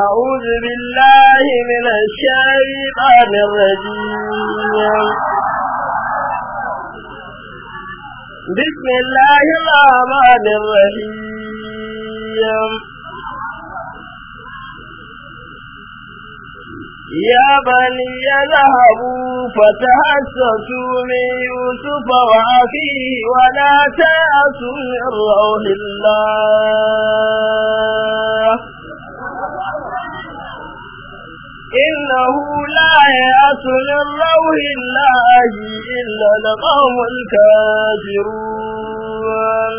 أعوذ بالله من الشيطان الرجيم بسم الله الرحمن الرحيم يا بني ذهبوا فتحسسوا من يوسف وأخيه ولا تأسوا من روح الله إنه لا يأس من روح الله إلا القوم الكافرون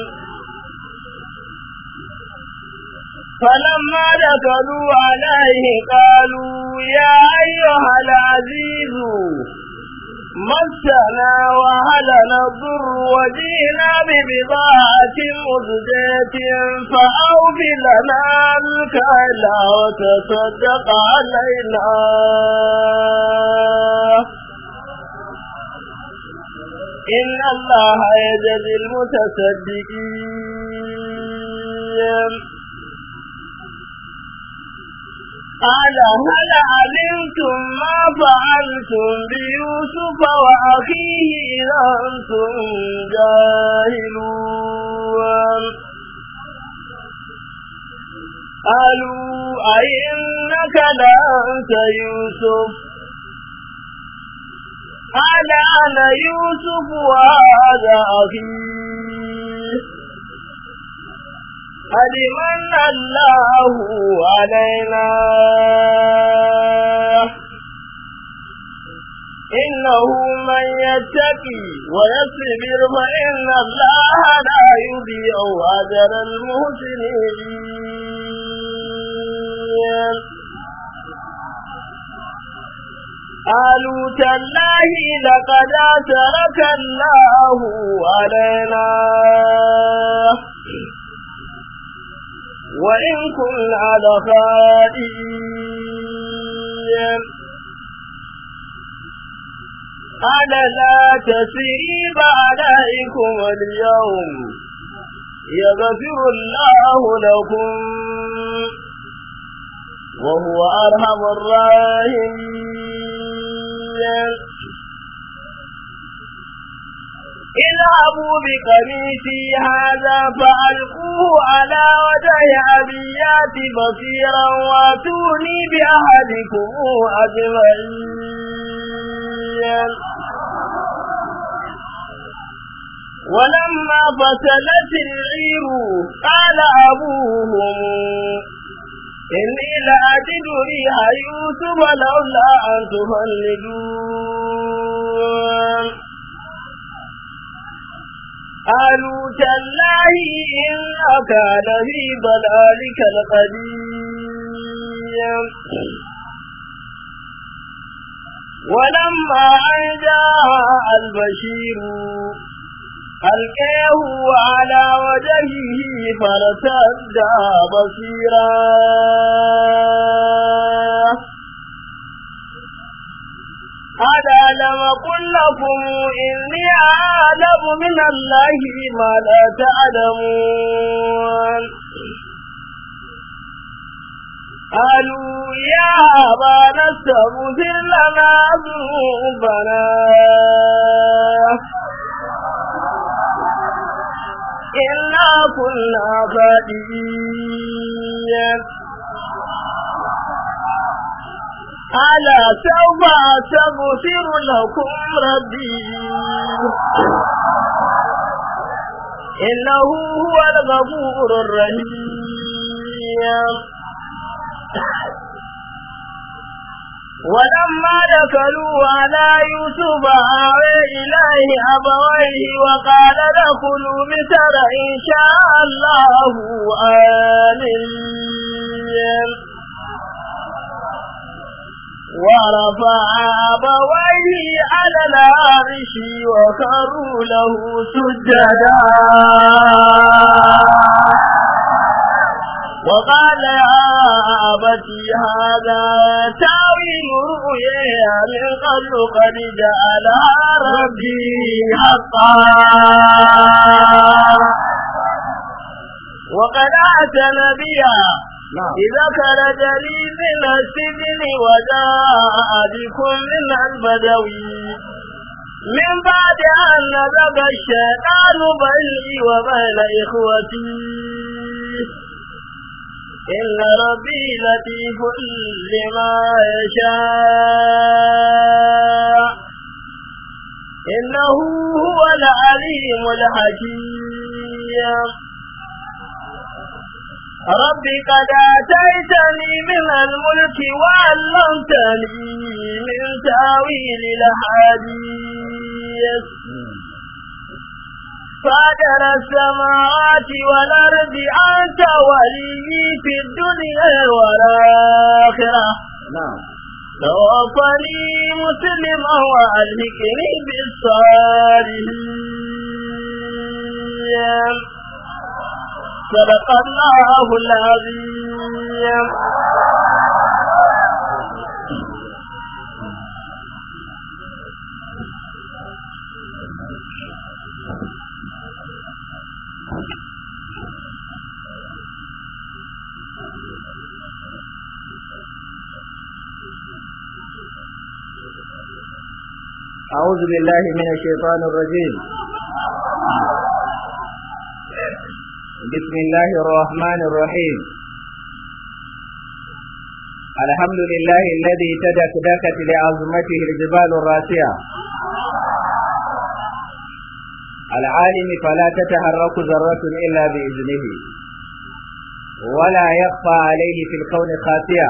فلما دخلوا عليه قالوا يا أيها العزيز مسنا وهلنا الضر وجينا ببضاعة مزجاة فأوف لنا الكلا وتصدق علينا إن الله يجزي المتصدقين قال هل علمتم ما فعلتم بيوسف وأخيه إذا أنتم جاهلون قالوا أئنك لأنت يوسف قال أنا يوسف وهذا أخي قد الله علينا إنه من يتقي ويصبر فإن الله لا يضيع أجر المحسنين قالوا تالله لقد أترك الله علينا وإن على لخائين أنا لا تسيب عليكم اليوم يغفر الله لكم وهو أرحم الراحمين اذهبوا بقميصي هذا فألقوه على وجه أبيات بصيرا واتوني بأحدكم أجمعين ولما فصلت العير قال أبوهم إني لأجد ريح يوسف لولا أن تفلجون قالوا تالله إنك لفي ضلالك القديم ولما أن جاء البشير ألقيه على وجهه فرتد بصيرا قد ألم قل لكم إني أعلم من الله ما لا تعلمون قالوا يا أبانا استغفر لنا ذنوبنا إنا كنا خاطئين ألا سوف أستغفر لكم ربي إنه هو الغفور الرحيم ولما دخلوا على يوسف آوى إليه أبويه وقال دخلوا مصر إن شاء الله آمين ورفع أبويه على العرش وخروا له سجدا وقال يا أبتي هذا تاويل رؤيا من قبل قد جعل ربي حقا وقد أتى نبيا إذا خرج لي من السجن وجاء بكم من البدوي من بعد أن نزغ الشيطان بيني وبين إخوتي إن ربي لطيف لما يشاء إنه هو العليم الحكيم رب قد آتيتني من الملك وعلمتني من تاويل الأحاديث فاجر السماوات والأرض أنت ولي في الدنيا والآخرة نعم. توفني مسلما وألهكني بالصالحين صدق الله العظيم أعوذ بالله من الشيطان الرجيم بسم الله الرحمن الرحيم الحمد لله الذي تدك دكت لعظمته الجبال الراسية العالم فلا تتحرك ذرة إلا بإذنه ولا يخفى عليه في الكون خاسية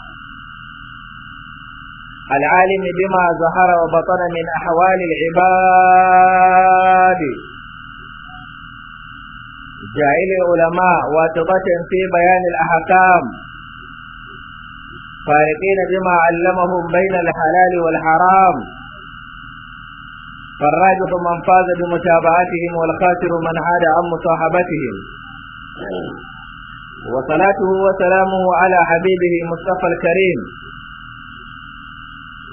العالم بما ظهر وبطن من أحوال العباد جاعل العلماء واتبت في بيان الأحكام فارقين بما علمهم بين الحلال والحرام فالراجح من فاز بمتابعتهم والخاسر من عاد عن مصاحبتهم وصلاته وسلامه على حبيبه مصطفى الكريم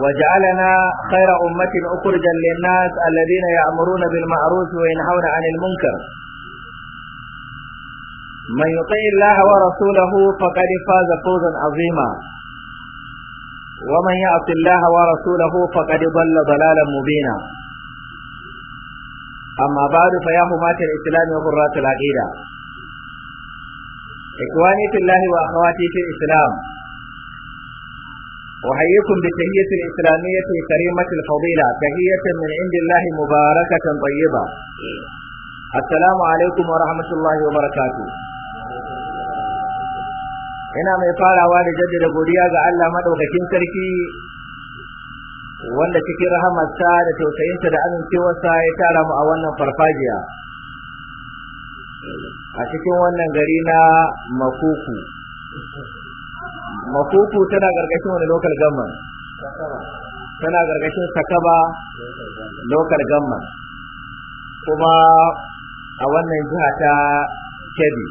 وجعلنا خير أمة أخرجا للناس الذين يأمرون بالمعروف وينهون عن المنكر من يطيع الله ورسوله فقد فاز فوزا عظيما ومن يعص الله ورسوله فقد ضل ضلالا مبينا أما بعد فيا حماة الإسلام وقراة العقيدة إخواني في الله وأخواتي في الإسلام أحييكم بالتحية الإسلامية كريمة الفضيلة تحية من عند الله مباركة طيبة السلام عليكم ورحمة الله وبركاته ina mai farawa da jaddada godiya ga Allah madaukakin sarki wanda cikin rahamarsa da tausayinsa da amincewarsa ya tara mu a wannan farfajiya a cikin wannan gari na Makuku mafuku tana gargashin wani local government tana gargashin sakaba local government kuma a wannan jiha ta kebbi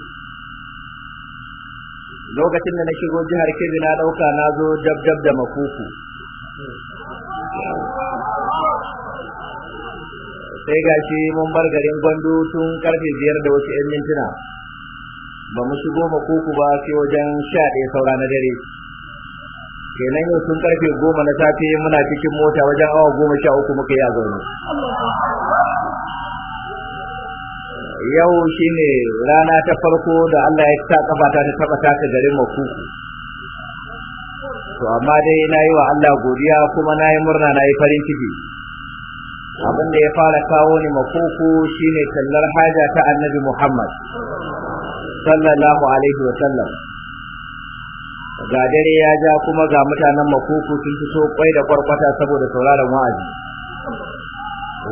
lokacin da na shigo jihar kebbi na dauka na zo dab dab da makuku sai gashi mun bar garin gwandu tun karfe biyar da wasu 'yan mintuna ba mu shigo ba koko ba sai wajen sha ɗaya saura na dare kenan yau sun karfe goma na safe muna cikin mota wajen awa goma sha uku muka yi a zaune yau shine rana ta farko da Allah ya ta kafa ta taba ta garin makuku to amma dai na yi wa Allah godiya kuma na yi murna na yi farin ciki abin da ya fara kawo ni makuku shine tallar haja ta annabi Muhammad sallallahu alaihi wa sallam ga dare ya ja kuma ga mutanen makuku sun fito kwai da kwarkwata saboda sauraron wa'azi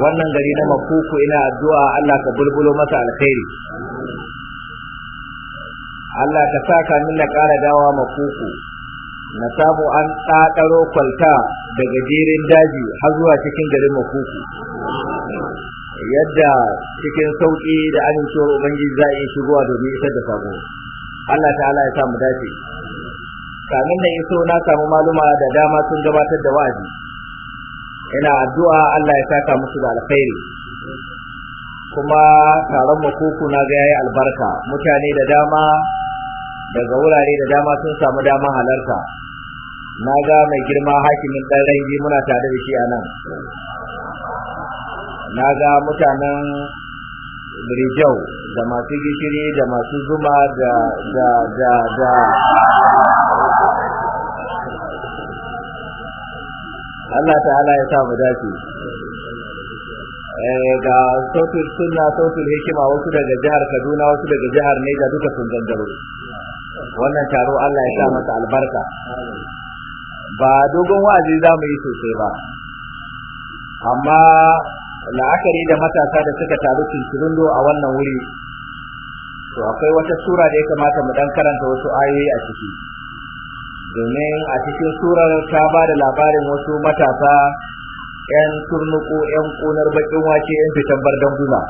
wannan gari na makuku ina addu'a Allah ka bulbulo masa alkhairi Allah ka saka min na ƙara dawa makuku na samu an tsadaro kwalta daga jerin daji har zuwa cikin garin makuku yadda cikin sauki da amincewar ubangiji za a yi shigowa domin isar da sako Allah ta'ala ya sa mu dace kamin da iso na samu maluma da dama sun gabatar da wa'azi ina addu'a Allah ya saka musu da alkhairi kuma taron makuku na ga yayi albarka mutane da dama daga wurare da dama sun samu damar halarta na ga mai girma hakimin ɗan rangi muna tare da shi a nan na ga mutanen rijau da masu gishiri da masu zuma da da da da Allah ta'ala ya sa mu dace eh, ga sautul sunna sautul hikima wasu daga jihar Kaduna wasu daga jihar niger duka sun gangaro wannan taro Allah ya sa masa albarka ba dogon wa'azi za mu yi sosai ba amma la'akari da matasa da suka taru cincirindo a wannan wuri to akwai wata sura da ya kamata mu dan karanta wasu ayoyi a ciki domin a cikin surar ta ba da labarin wasu matasa yan turnuku yan kunar bakin wake yan fitan bardan guma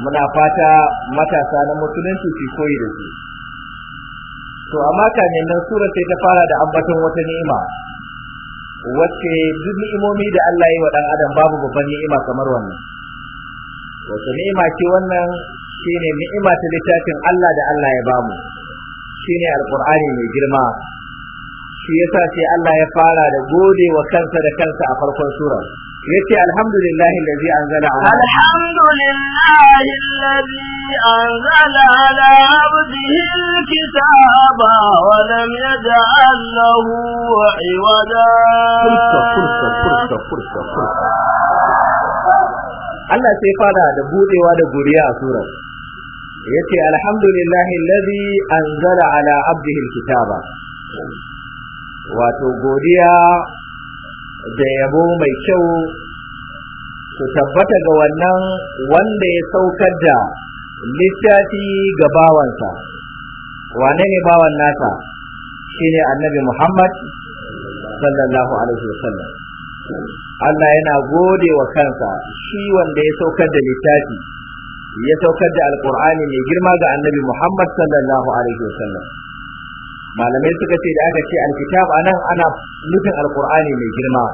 muna fata matasa na musulunci su koyi da su to amma kamin nan surar sai ta fara da ambaton wata ni'ima wacce duk ni'imomi da Allah ya wa dan adam babu babban ni'ima kamar wannan wace ni'ima ce wannan shine ni'ima ta littafin Allah da Allah ya bamu shine alqur'ani mai girma shi yasa sai Allah ya fara da gode wa kansa da kansa a farkon sura yace alhamdulillahi allazi anzala ala alhamdulillahi allazi أنزل على عبده الكتاب ولم يجعل له عوجا Allah sai fada da budewa da guriya a surar yace alhamdulillahi allazi anzala ala abdihi kitaba. wato godiya da yabo mai kyau su tabbata ga wannan wanda ya saukar da littafi ga bawansa wane ne bawan nasa shine annabi Muhammad sallallahu alaihi wasallam Allah yana gode wa kansa shi wanda ya saukar da littafi ya saukar da alkur'ani mai girma ga annabi Muhammad sallallahu alaihi wasallam malamai suka ce da aka ce alkitab anan ana nufin alkur'ani mai girma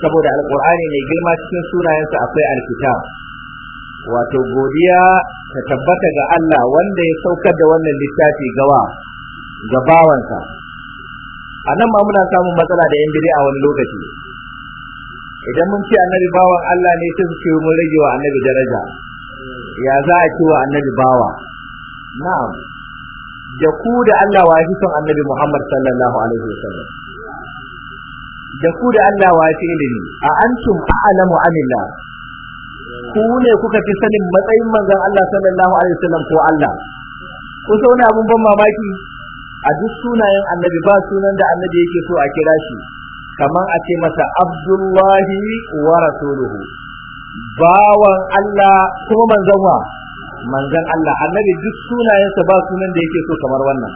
saboda alkur'ani mai girma cikin sunayensa akwai alkitab wato godiya ta tabbata ga Allah wanda ya saukar da wannan littafi gawa ga bawansa a nan ma muna samun matsala da yan a wani lokaci idan mun ce annabi bawan Allah ne sai su ce mun rage wa annabi daraja ya za a ce wa annabi bawa na'am da ku da Allah wa fi son annabi Muhammad sallallahu alaihi wasallam da ku da Allah wa fi ilimi a antum a'lamu anillah ku ne kuka fi sanin matsayin manzon Allah sallallahu alaihi wasallam ko Allah kusa wani abun ban mamaki a duk sunayen annabi ba sunan da annabi yake so a kira shi kamar a ce masa abdullahi wa rasuluhu bawan Allah kuma manzon wa manzon Allah annabi duk sunayensa ba sunan da yake so kamar wannan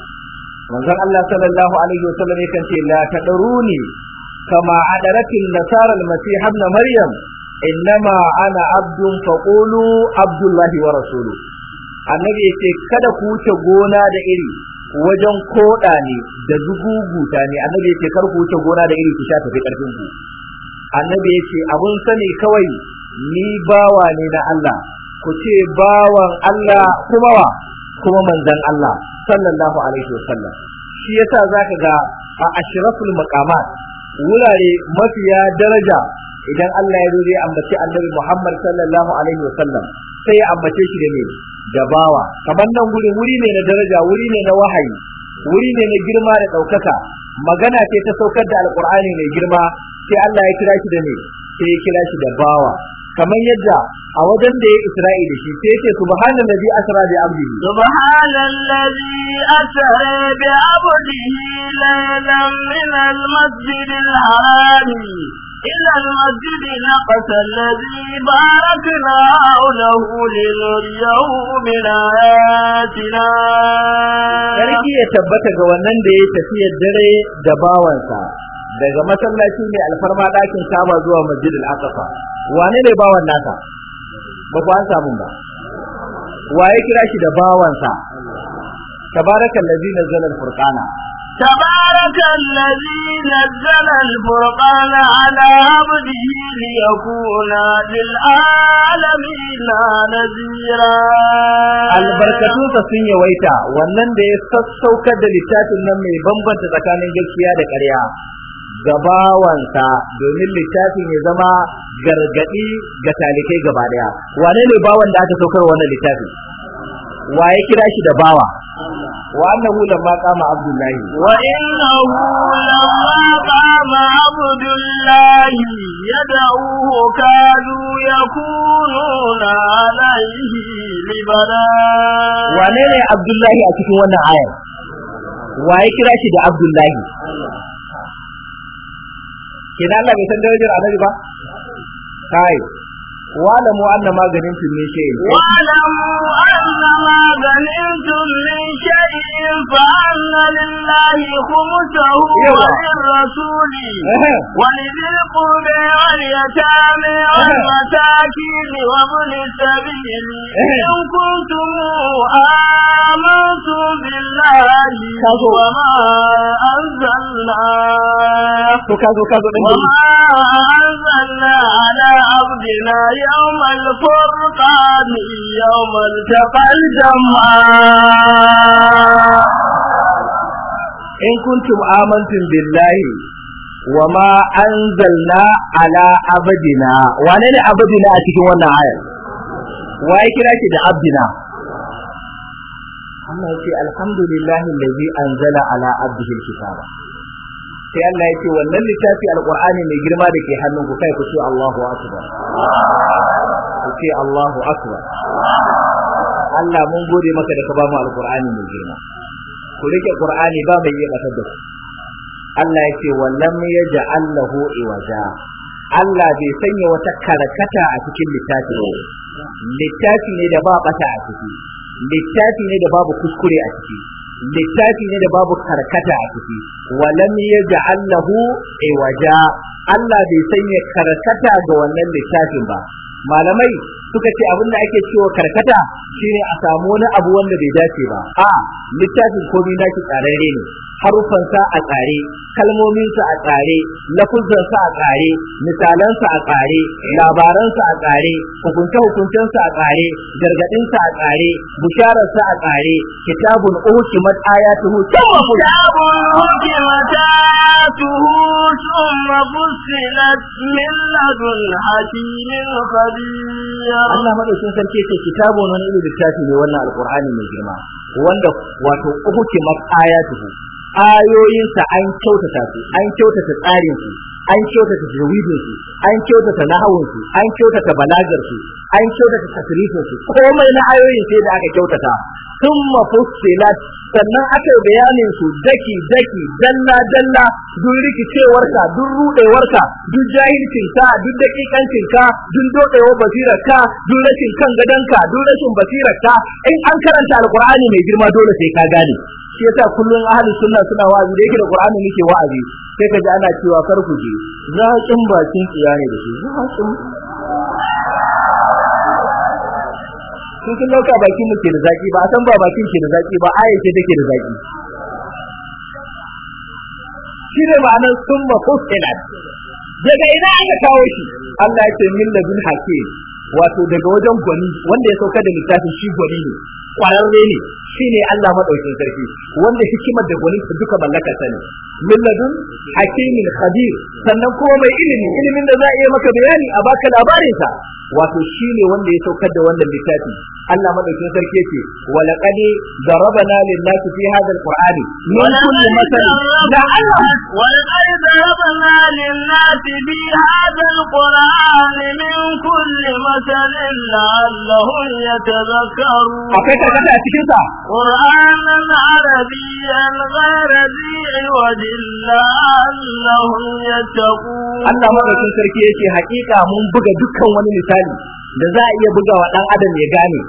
manzon Allah sallallahu alaihi wasallam yakan ce la tadruni kama adaratin nasara al-masih ibn maryam innama ana abdun faqulu abdullahi wa rasulu annabi ce, kada ku wuce gona da iri wajen koɗa ne da zuguguta ne annabi ya ce, kar ku wuce gona da iri ku sha tafi karfin ku annabi yace abun sani kawai ni bawa ne na Allah ku ce bawan Allah kuma wa kuma manzon Allah sallallahu alaihi wasallam shi yasa zaka ga a ashraful maqamat wurare mafiya daraja idan Allah ya zo zai ambaci annabi Muhammad sallallahu alaihi wasallam sai ya ambace shi da me da bawa kamar nan guri wuri ne na daraja wuri ne na wahayi wuri ne na girma da ɗaukaka magana ce ta saukar da alkur'ani mai girma sai Allah ya kira shi da me sai ya kira shi da bawa kamar yadda a wajen da ya isra'i shi sai yake subhanan ladhi asra bi abdihi subhanan ladhi asra bi abdihi laylan min al-masjidil haram إلى المسجد نقص الذي باركنا له لليوم آياتنا Sarki ya tabbata ga wannan da ya tafiyar dare da bawansa daga masallaci mai alfarma ɗakin kaba zuwa masjidil aqsa wane ne bawan nasa ba ku an samu ba waye kira shi da bawansa tabarakallazi nazzala al furkana. تبارك الذي نزل الفرقان على عبده ليكون للعالمين نذيرا البركة sun yawaita wannan da ya sassaukar da littafin nan mai bambanta tsakanin gaskiya da ƙarya gabawansa domin littafin ya zama gargadi ga talikai gaba daya wane ne bawan da aka saukar wannan littafi waye kira shi da bawa وأنه لما قام عبد الله وإنه لما قام عبد الله يدعوه كادوا يكونون عليه لبدا وأنا عبد الله أتكي وانا عاية وأيكرا شد عبد الله كنا الله بيسن درجة العدد با طيب wa'lamu anna ma ganimtum min shay'in wa'lamu anna ma ganimtum min shay'in fa anna lillahi khumsahu wa lirrasuli wa lidhil qurbi wal yatami wal masakin wa kazo to kazo kazo dan gari anzalna ala abdina yawmal furqan yawmal taqal jama in kuntum amantum billahi wama anzalna ala abdina wane ne a cikin wannan ayar waye kira ki da abdina Allah yake alhamdulillahi allazi anzala ala abdihi alkitaba sai Allah yake wannan littafi alqur'ani mai girma da ke hannun ku kai ku ce Allahu akbar ku ce Allahu akbar Allah mun gode maka da ka ba mu alqur'ani mai girma ku rike qur'ani ba mai yaba da ku Allah yake wallam yaj'al lahu iwaja Allah bai sanya wata karkata a cikin littafi ba. littafi ne da ba bata a ciki littafi ne da babu kuskure a ciki littafi ne da babu karkata a ciki walam yaj'al lahu iwaja Allah bai sanya karkata ga wannan littafin ba malamai suka ce abin da ake cewa karkata shine a samu wani abu wanda bai dace ba a littafin komai naki tsare ne sa a tsare sa a tsare sa a tsare misalansa a tsare labaransa a tsare hukuntan sa a tsare gargadinsa a tsare sa a tsare kitabun ukimat ayatuhu thumma ukimat thumma fusilat min ladun hakimin Allah madaukin sarki ce kitabu wani irin littafi ne wannan alqur'ani mai girma wanda wato uhuki ayoyin ayoyinsa an kyautata su an kyautata tsarin su an kyautata tajwidin su an kyautata nahawun su an kyautata balagar su an kyautata tasrifin su komai na ayoyin sai da aka kyautata thumma fussilat sannan aka yi bayanin su daki daki dalla dalla duk rikicewar ka duk rudewar ka duk jahilcin ka duk dakikancin ka duk dokewar basirar ka duk rashin kan gadan ka duk rashin basirar ka in an karanta alqur'ani mai girma dole sai ka gane shi yasa kullun ahli sunna suna wa'azi da yake da qur'ani nake wa'azi sai kaji ana cewa kar ku je za bakin tsiya da shi za a su sun dauka bakin mu ke da zaki ba a san ba bakin ke da zaki ba aya ce take da zaki shi ne ma'anar summa fusilat daga ina aka kawo shi Allah ya ce min bin hakim wato daga wajen gwani wanda ya sauka da littafin shi gwani ne kwararre ne shine Allah madaukin sarki wanda hikimar da gwanin su duka mallaka ta ne min ladun hakimin khabir sannan kuma mai ilimi ilimin da za a iya maka bayani a baka labarin sa wato ne wanda ya saukar da wannan littafi Allah madaukin sarki yake wa laqad darabana lin-nas fi hadha al-qur'ani min kulli masal la'alla wa laqad darabana lin-nas fi hadha al-qur'ani min kulli masal la'allahum yatadhakkarun akai karkata a cikin sa qur'anan arabiyyan ghayra Allah sarki ce hakika mun buga dukkan wani misali da za a iya buga wa ɗan adam ya gane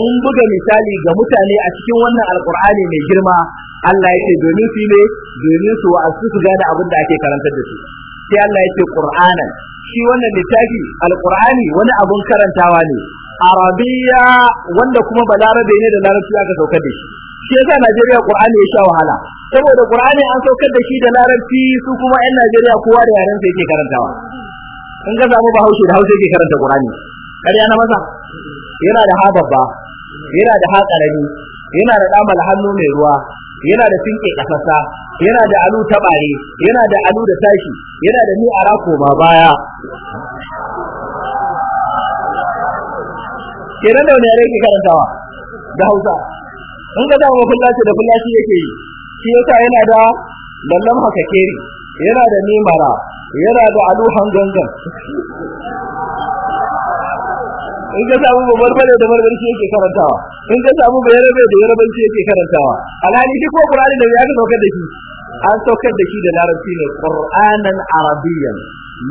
mun buga misali ga mutane a cikin wannan alqur'ani mai girma Allah yake domin su ne domin su wa'azu su gane abin da ake karantar da su sai Allah yake qur'anan shi wannan littafi alqur'ani wani abun karantawa ne arabiya wanda kuma balarabe ne da larabci aka saukar da shi shi yasa Najeriya Qur'ani ya sha wahala saboda Qur'ani an saukar da shi da larabci su kuma ƴan Najeriya kowa da yaren sa yake karantawa in ga samu Bahaushe da Hausa yake karanta Qur'ani ƙarya na masa yana da hababba yana da hakarani yana da damal hannu mai ruwa yana da sinke kasasa yana da alu tabare yana da alu da tashi yana da ni arako ma baya kenan da wani yare yake karantawa da Hausa in ka dawo ce da kullaci yake yi shi yasa yana da lallan hakakeri yana da nimara yana da aluhan gangan in ka samu babbar bane da barbar shi yake karantawa in ka samu bayar bai da yarabar shi yake karantawa alhali shi ko qur'ani da ya ka saukar da shi an saukar da shi da larabci ne qur'anan arabiyyan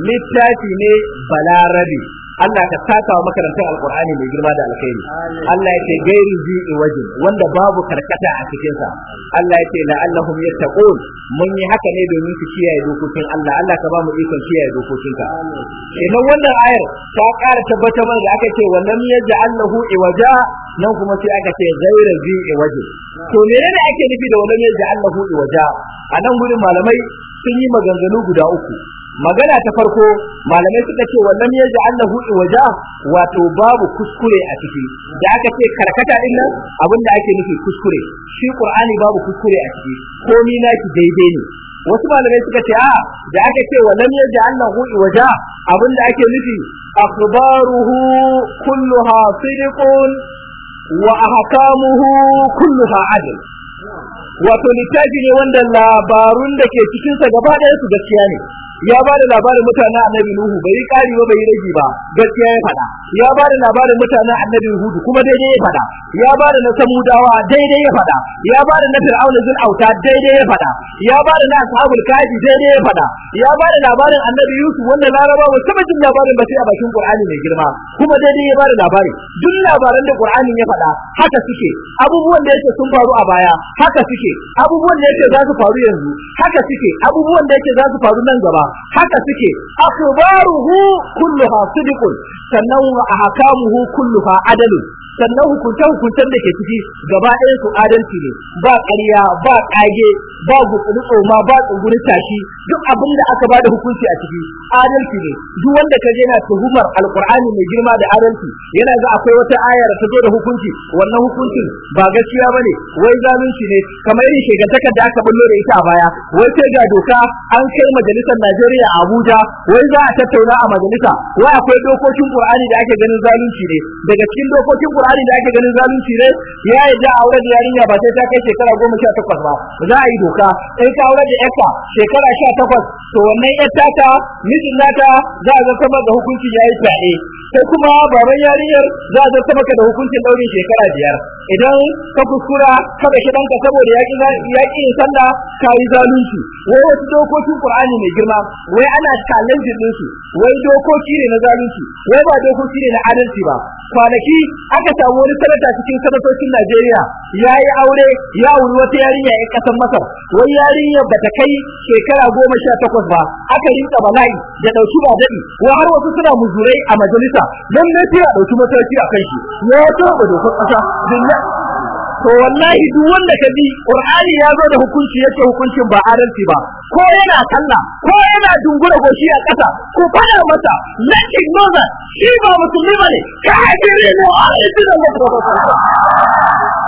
littafi ne balarabi Allah ka saka makarantar alkur'ani mai girma da alkhairi Allah ya ce gairi ji waje. wanda babu karkata a cikin sa Allah ya ce la'allahum yattaqun mun yi haka ne domin su kiyaye dokokin Allah Allah ka ba mu ikon kiyaye dokokin ka idan wannan ayar ta ƙara tabbatar da aka ce wannan ya ja'allahu iwaja nan kuma sai aka ce gairi ji wajin to menene ake nufi da wannan ya ja'allahu iwaja a nan gurin malamai sun yi maganganu guda uku magana ta farko malamai suka ce wannan ya ji Allahu waja wato babu kuskure a ciki da aka ce karkata din nan abinda ake nufi kuskure shi Qur'ani babu kuskure a ciki komai naki daidai ne wasu malamai suka ce a da aka ce wannan ya ji Allahu waja abinda ake nufi akhbaruhu kulluha sidqun wa ahkamuhu kulluha adl wato littafi ne wanda labarun da ke cikinsa gaba ɗaya su gaskiya ne ya ba da labarin a annabi nuhu bai yi kari ba bai yi rage ba gaskiya ya faɗa ya ba da labarin mutanen annabi hudu kuma daidai ya fada ya ba da na samudawa daidai ya faɗa. ya ba da na fir'auna zin auta daidai ya fada ya ba da na ashabul kafi daidai ya fada ya ba da labarin annabi yusuf wanda laraba ba saba jin labarin ba sai a bakin qur'ani mai girma kuma daidai ya ba da labari duk labaran da qur'ani ya faɗa haka suke abubuwan da yake sun faru a baya haka suke abubuwan da yake za su faru yanzu haka suke abubuwan da yake za su faru nan gaba haka suke akhbaruhu kulluha sidiqun sannan wa ahkamuhu kulluha adalun sannan hukunce hukuncen da ke ciki gaba ɗaya su adalci ne ba ƙarya ba ƙage ba gutsuri tsoma ba tsunguri tashi duk abin da aka da hukunci a ciki adalci ne duk wanda ka yana tuhumar alƙur'ani mai girma da adalci yana ga akwai wata ayar ta zo da hukunci wannan hukuncin ba gaskiya ba ne? wai zalunci ne kamar irin shekantakar da aka bullo da ita a baya wai sai ga doka an kai majalisar Najeriya a Abuja wai za a tattauna a majalisa wai akwai dokokin ƙur'ani da ake ganin zalunci ne daga cikin dokokin alqur'ani da ake ganin zalunci ne ya yi da aure da yarinya ba sai ta kai shekara goma sha takwas ba za a yi doka in ka aure da yarka shekara sha takwas to wannan yarta ta mijin nata za a zartar da hukunci ya yi fyaɗe sai kuma baban yarinyar za a zarta maka da hukuncin daurin shekara biyar idan ka kuskura ka daki danka saboda yaki yaki sallah ka yi zalunci wai wasu dokokin Qur'ani mai girma wai ana challenge din su wai dokoki ne na zalunci wai ba dokoki ne na adalci ba kwanaki aka samu wani sanata cikin sanatocin Najeriya ya yi aure ya auri wata yarinya ya kasar Masar wai yarinya ta kai shekara goma sha takwas ba aka yi bala'i da ɗauki ba daɗi wai har wasu suna muzurai a majalisa dan ne tiya dauki mataki a kai shi ya ba dokar kasa dinna to wallahi duk wanda ka bi qur'ani ya zo da hukunci yake hukuncin ba adalci ba ko yana talla, ko yana dungura shi a kasa ko fara mata let it know that shi ba musulmi bane kafiri ne a cikin wannan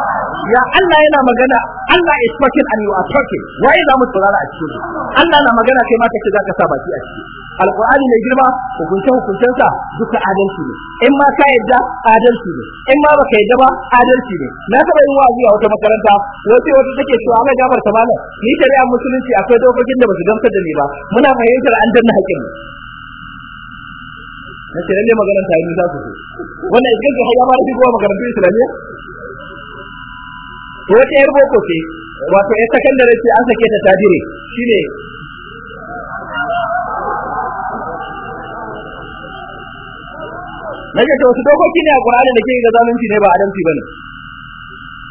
ya Allah yana magana Allah is talking and you are talking waye za mu saurara a cikin Allah na magana kai ma kake zaka sa baki a ciki alqur'ani mai girma hukunce hukuncen sa duka adalci ne in ma ka yadda adalci ne in ma baka yadda ba adalci ne na taba yin wa'azi a wata makaranta wace wata take cewa ana gabar ta malam ni shari'a musulunci akwai dokokin da su gamsar da ni ba muna fahimtar an danna haƙƙin mu na ce lalle maganar ta yi nisa sosai wannan idan ga hayya ma rafi kowa makarantun islamiyya to wata yar boko ce wato ya da ce an sake ta tabire shine nake ta wasu dokoki ne a Qur'ani da ke ga zalunci ne ba adamci ne.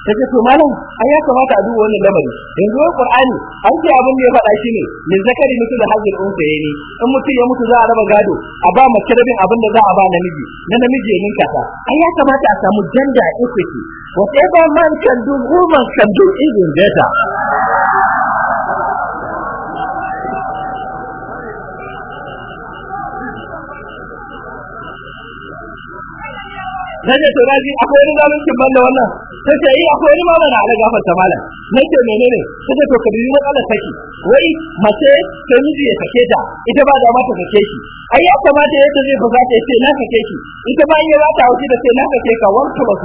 kace to malam ai ya kamata a duba wannan lamarin. yanzu zo qur'ani an ce abin da ya faɗa shi ne min zakari mutu da hajjin unsa yayi in mutu ya mutu za a raba gado a ba mace rabin abin da za a ba namiji na namiji ya ninka ta ai ya kamata a samu janda equity whatever man can do woman can do even better Nake to raji akwai wani zalunci banda wannan sai yi eh, akwai wani ma bana ala gafarta malam nake menene take to kabiri matsalar saki, wai mace ta miji ya sake ta ita ba da mata sake shi ai ya kamata yace zai za ta yace na sake shi ita ba in ya bata wuce da sai na sake ka one plus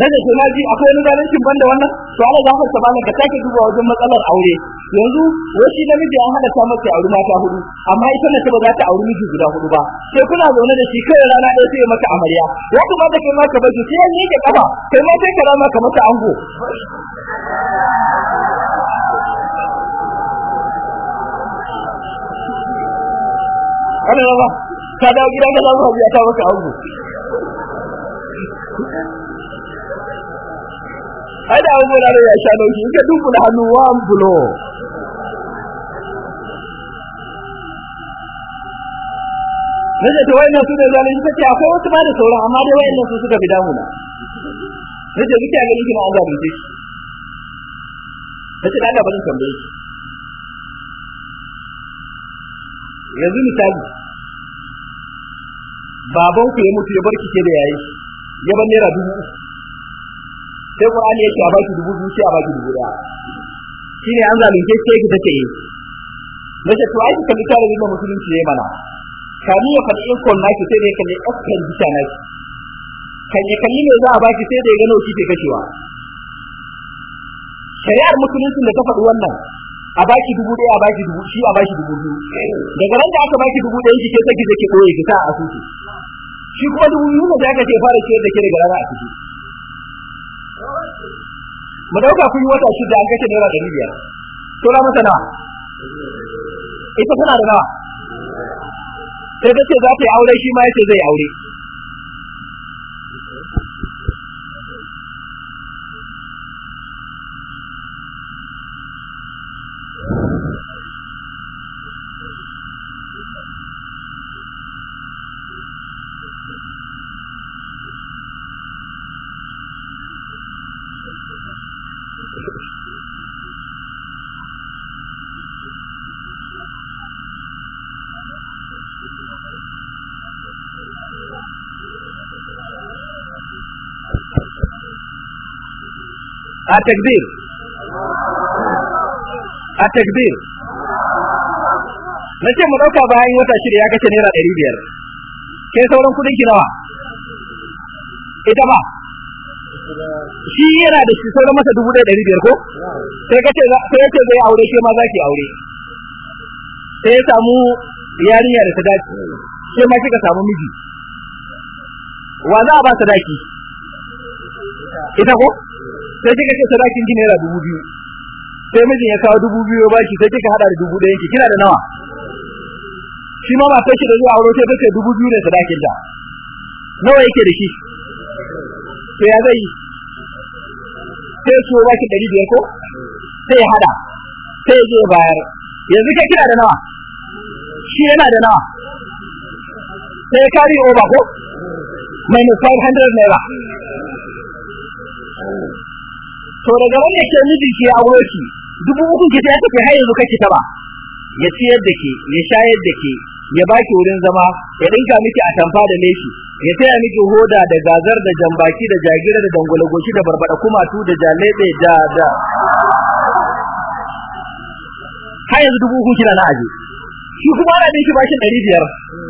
na da kuma ji akwai wani zalunci banda wannan to Allah zaka ta bani ka take duba wajen matsalar aure yanzu wani namiji an hada ta mace aure mata hudu amma ita mace ba za ta aure miji guda hudu ba sai kuna zaune da shi kai rana ɗaya sai maka amarya ya kuma da kai maka ka baje sai ne ke kafa kai ma sai ka ka mata ango Kada ba, ka gidan da za ya ta maka ango. ai da abubuwan da ya sha dauki ka dubbula hannu wan bulo nace to wayannan su ne zalunci kace akwai wasu ba da sauran amma dai wayannan su suka fi damuna nace duka ga ni kuma an zalunce shi nace da Allah bazan tambaye shi yanzu misali baban ku ya mutu ya barki ke da yayi ya bar naira dubu uku sai Qur'ani yake a baki dubu biyu sai a baki dubu daya shine an zalunce sai ki take yi nace to ai ka bita da musulunci ne mana kani ya fadi in kon naki sai dai kalle askan bisa naki kan ya kalli ne za a baki sai dai gano kike kashewa shari'ar musulunci da ta faɗi wannan a baki dubu ɗaya a baki dubu shi a baki dubu biyu daga nan da aka baki dubu ɗaya kike sai kike ɓoye ki sa a asusu shi kuma dubu biyu da aka ce fara ce da ke daga rana a ciki mu dauka kun yi wata shida an kace naira ɗari biyar to na mata na, ita tana da nawa sai ta ce za ta yi aure shi ma yace zai aure التكبير التكبير nace mu dauka bayan wata shida ya kace naira 500 sai sauran kudin ki nawa ita ba shi yana da shi sauran masa 1500 ko sai kace sai yace zai aure ke ma zaki aure sai ya samu yarinya da ta sai ma kika samu miji wa za a ba sadaki ita ko sai kika ce sadakin ki naira dubu biyu sai mijin ya kawo dubu biyu ba shi sai kika hada da dubu ɗayan ki kina da nawa shi ma matar shi da zuwa aure sai take dubu biyu ne sadakin ta nawa yake da shi to ya zai sai su ba ki ɗari biyar ko sai ya hada sai ya je bayar yanzu kai kina da nawa shi yana da nawa sai kari over ko minus 500 naira to daga wanda ke miji ke aure ki dubu uku ki ta tafi har yanzu kake ta ya ciyar da ke ya shayar da ke ya baki wurin zama ya dinka miki atamfa da leshi ya taya miki hoda da gazar da jambaki da jagira da dangwale goshi da barbada kumatu da jalebe da da har yanzu dubu uku kina na aje shi kuma ana bin shi bashin ɗari biyar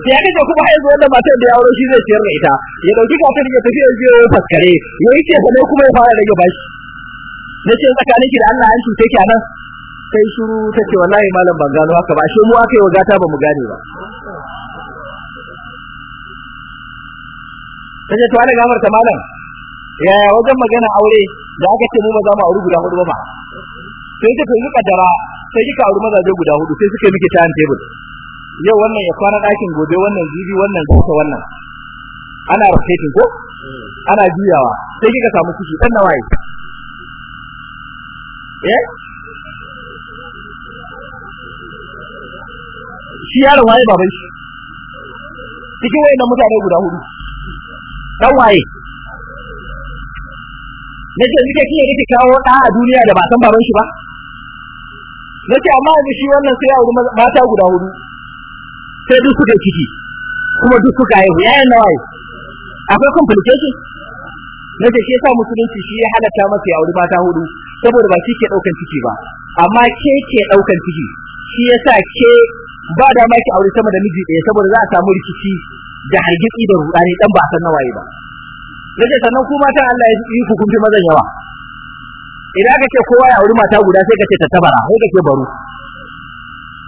sai aka ce kuma haizu wanda matar da ya aure shi zai ciyar da ita ya ɗauki kafin ya tafi yanzu ya yi faskare ya yi ce kuma ya fara rage bashi na ce tsakanin ki da Allah an shi ki anan sai shiru ta ce wallahi malam ban gano haka ba shi mu aka yi wagata ba mu gane ba ta ce to ana gamar ta malam yaya wajen magana aure da aka ce mu ba za mu auri guda hudu ba ba sai ta yi kaddara sai kika auri mazaje guda hudu sai suke miki tayan tebur yau wannan ya kwana ɗakin gobe wannan jibi wannan gobe wannan ana rotating ko ana juyawa sai kika samu kushi dan nawaye eh shi yaron waye baban shi cikin na mutane guda hudu dan waye na ce kike kike kike kawo ɗa a duniya da ba san baban shi ba na ce amma yanzu shi wannan sai ya wuri mata guda hudu sai duk suka ciki kuma duk suka haihu yayin na waye akwai complication na ce shi yasa musulunci shi ya halatta masa ya wuri mata hudu saboda ba shi ke daukan ciki ba amma ke ke daukan ciki shi yasa ke ba da ma ki aure sama da miji ɗaya saboda za a samu rikici da hargitsi da rudani dan ba san nawaye ba nace sannan kuma ta Allah ya yi ku kun fi mazan yawa idan kake ce kowa ya auri mata guda sai ka ce ta tabara sai ka ce baro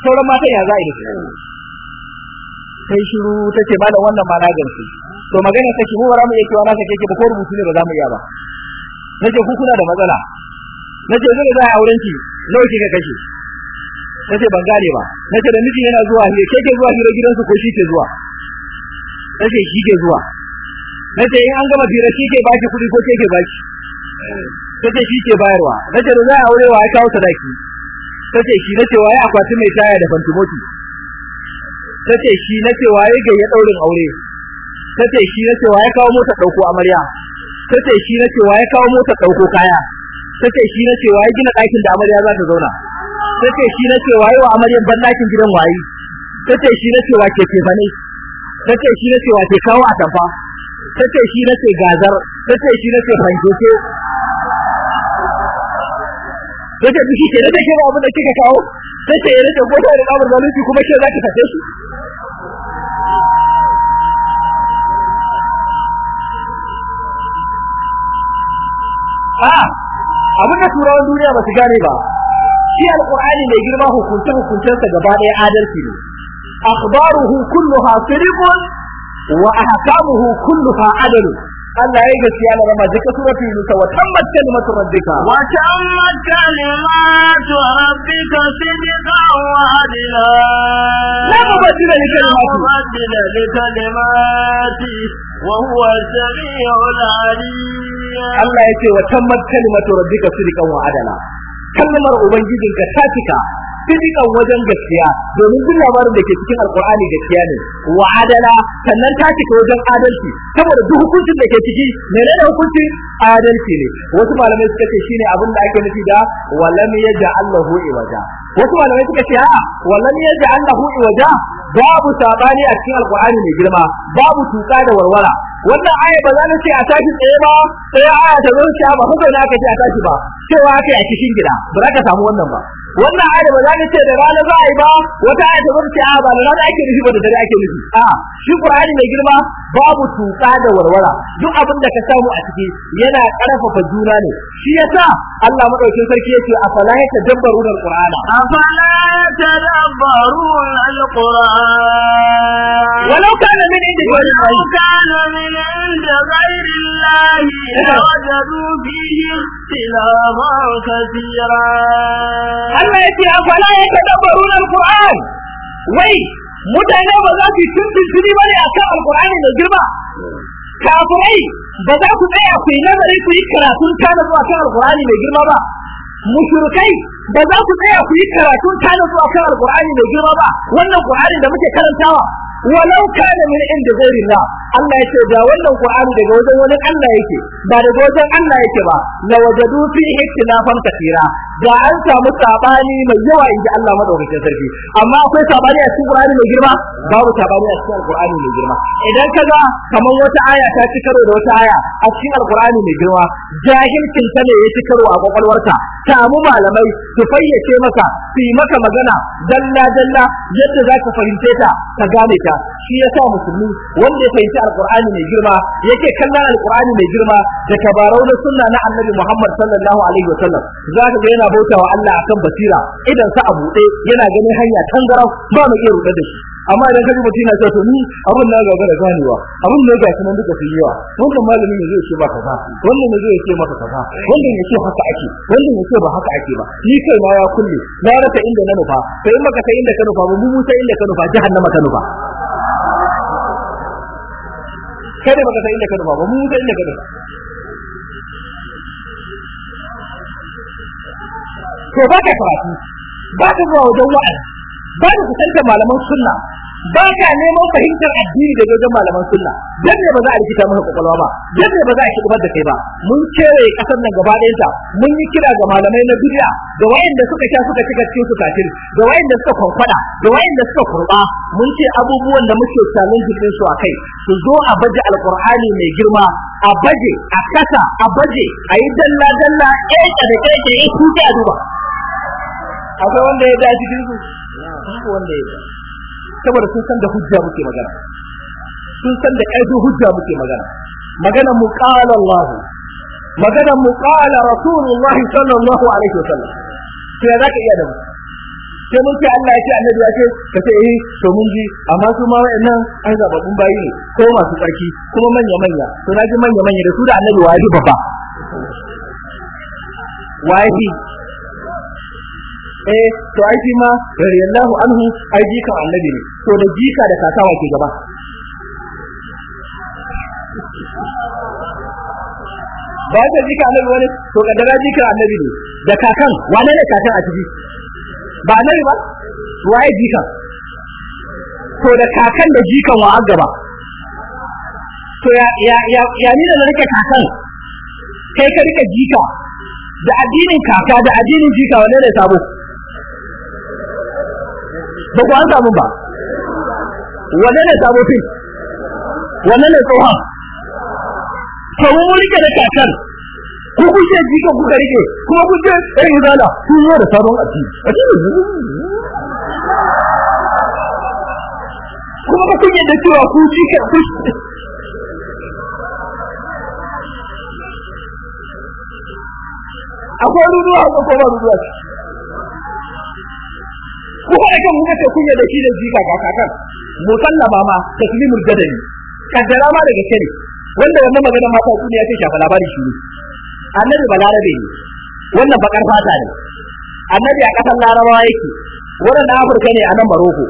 sauran mata ya za a yi sai shiru ta ce malam wannan ma na gamsu to magana sai ki mu ba za mu iya cewa na sake ke ba ko rubutu ne ba za mu iya ba nace ku kuna da matsala nace zai za auren ki nawa kika kashe nace ban gane ba nace da miji yana zuwa ne ke ke zuwa hira gidansu ko shi ke zuwa nace shi ke zuwa nace in an gama hira shi ke baki kuɗi ko ke ke baki nace shi ke bayarwa nace da za a aure wa ya kawo sadaki nace shi nace waye akwati mai taya da fantimoti nace shi nace waye ga ya daurin aure nace shi nace waye kawo mota dauko amarya tace shi nace waye kawo mota dauko kaya tace shi na ce waye gina ɗakin da amarya za ta zauna tace shi na ce waye wa amarya ban ɗakin gidan waye tace shi na ce wa ke ke bane tace shi na ce wa ke kawo atamfa tace shi na ce gazar tace shi na ce fankeke tace biki ke da ke ba abin da kika kawo tace ya rike gobe da kamar zalunci kuma ke za ka tace shi Ah! abin da turawan duniya ba su gane ba shi alqur'ani mai girma hukunce hukuncensa gaba ɗaya adalci ne akhbaruhu kulluha sirqun wa ahkamuhu kulluha adalun Allah ya gaskiya na rama jika suratul yunus wa tammat kalimatu rabbika wa tammat kalimatu rabbika sidqan wa adla la mubaddila li kalimati wa huwa as-sami'ul 'alim Allah yake wa tammat kalimatu rabbika sidqan wa kalmar ubangijinka ta cika sidikan wajen gaskiya domin duk labarin da ke cikin alqur'ani gaskiya ne wa adala sannan ta cika wajen adalci saboda duk hukuncin da ke ciki menene hukuncin adalci ne wasu malamai suka ce shine abin da ake nufi da walam yaj'al lahu iwaja wasu malamai suka ce a'a walam yaj'al lahu iwaja babu sabani a cikin alqur'ani mai girma babu tuka da warwara wannan aya ba za ta ce a tashi tsaye ba sai aya ta zo ta ba hukuma ka ce a tashi ba cewa kai a cikin gida ba za ka samu wannan ba wannan aya ba za ni ce da rana za a yi ba wata aya ta zo a ba da rana ake nufi ba da dare ake nufi a shi qur'ani mai girma babu tuka da warwara duk abin da ka samu a cikin yana karfafa juna ne shi yasa Allah madaukakin sarki yake afala ya tadabbaruna alqur'ana afala tadabbaruna alqur'an walau kana min indi walau kana min indi ghairi Allah lawajadu fihi ikhtilafan kathira Allah ya ce afala ya tadabbaru alquran wai mutane ba za su tuntuni ba ne akan alqurani da girma kafirai ba za ku tsaya ku yi nazari ku yi karatun tana zuwa kan alqurani mai girma ba mushrikai ba za ku tsaya ku yi karatun tana zuwa kan alqurani mai girma ba wannan qur'ani da muke karantawa walau kana min inda ghairillah Allah ya ce da wannan Qur'ani daga wajen wani Allah yake ba daga wajen Allah yake ba la wajadu fi ikhtilafan katira da an samu sabani mai yawa inji Allah madaukakin sarki amma akwai sabani a cikin Qur'ani mai girma babu sabani a cikin Qur'ani mai girma idan kaga kamar wata aya ta ci karo da wata aya a cikin Qur'ani mai girma jahilcin ta ne ya ci karo a ta samu malamai su fayyace maka su yi maka magana dalla dalla yadda za ka fahimce ta ka gane ta shi ya sa musulmi wanda ya fahimci alqur'ani mai girma yake kallon alqur'ani mai girma da tabarau da sunna na annabi Muhammad sallallahu alaihi wa wasallam zaka ga yana bautawa Allah akan basira idan sa a buɗe yana ganin hanya tangarau ba mu iya rubuta da shi amma idan kaji mutum yana cewa to ni abun na gaba da ganewa abun ne ga kuma duka su yawa. wannan malamin ne zai ce maka kaza wannan ne zai ce maka kaza wannan ne ce haka ake wannan ne ce ba haka ake ba ni kai ma ya kulle na rasa inda na nufa sai maka sai inda ka nufa mu mu sai inda ka nufa jahannama ka nufa kada baka san inda ka ba mu san inda ka nufa to ba ka karatu ba ka zuwa wajen wa'azi ba ka kusanta malaman sunna ba ka neman fahimtar addini da wajen malaman sunna dan ne ba za a rikita maka kwakwalwa ba dan ne ba za a shigar da kai ba mun kere kasar nan gaba ɗayan ta mun yi kira ga malamai na duniya ga wayanda suka sha suka cika cikin su kafir da wayanda suka kwankwada da wayanda suka kurba mun ce abubuwan da muke challenge din su akai su zo a baje alqur'ani mai girma a baje a kasa a baje a yi dalla dalla eh da kai ke yi kuka duba akwai wanda ya dace cikin su wanda ya saboda sun san da hujja muke magana sun san da aido hujja muke magana magana mu qala Allah magana mu qala Rasulullahi sallallahu alaihi wasallam to ya zaka iya da mu sai mun ce Allah ya ce annabi ya ce ka ce eh to mun ji amma su ma wayannan an babun bayi ne ko masu tsarki kuma manya manya to naji ji manya manya da su da annabi wajibi ba wajibi eh to ai shi ma radiyallahu anhu ai jika annabi ne to da jika da kakawa ke gaba ba ta jika annabi wani to kaddara jika annabi ne da kakan wane ne kakan a ciki ba annabi ba waye jika to da kakan da jikan wa gaba to ya ya ya ya ni da rike kakan kai ka rike jika da addinin kaka da addinin jika wani ne sabo ba ku an samu ba wanne ne sabo fi wanne ne tsoha sau mun rike da kakar ku kuke jika kuka rike kuma kun ce ɗan izala sun zo da sabon addini kuma ba kun yadda cewa ku jika ku akwai ruruwa ko ba ruruwa ce ko da kan kuma ce kunya da shi da zika ga kakan musallama ma taslimul jadali kaddara ma daga kene wanda wannan magana ma ta duniya ce shafa labari shi ne annabi balarabe ne wannan bakar fata ne annabi a kasar larabawa yake wannan afirka ne a nan maroko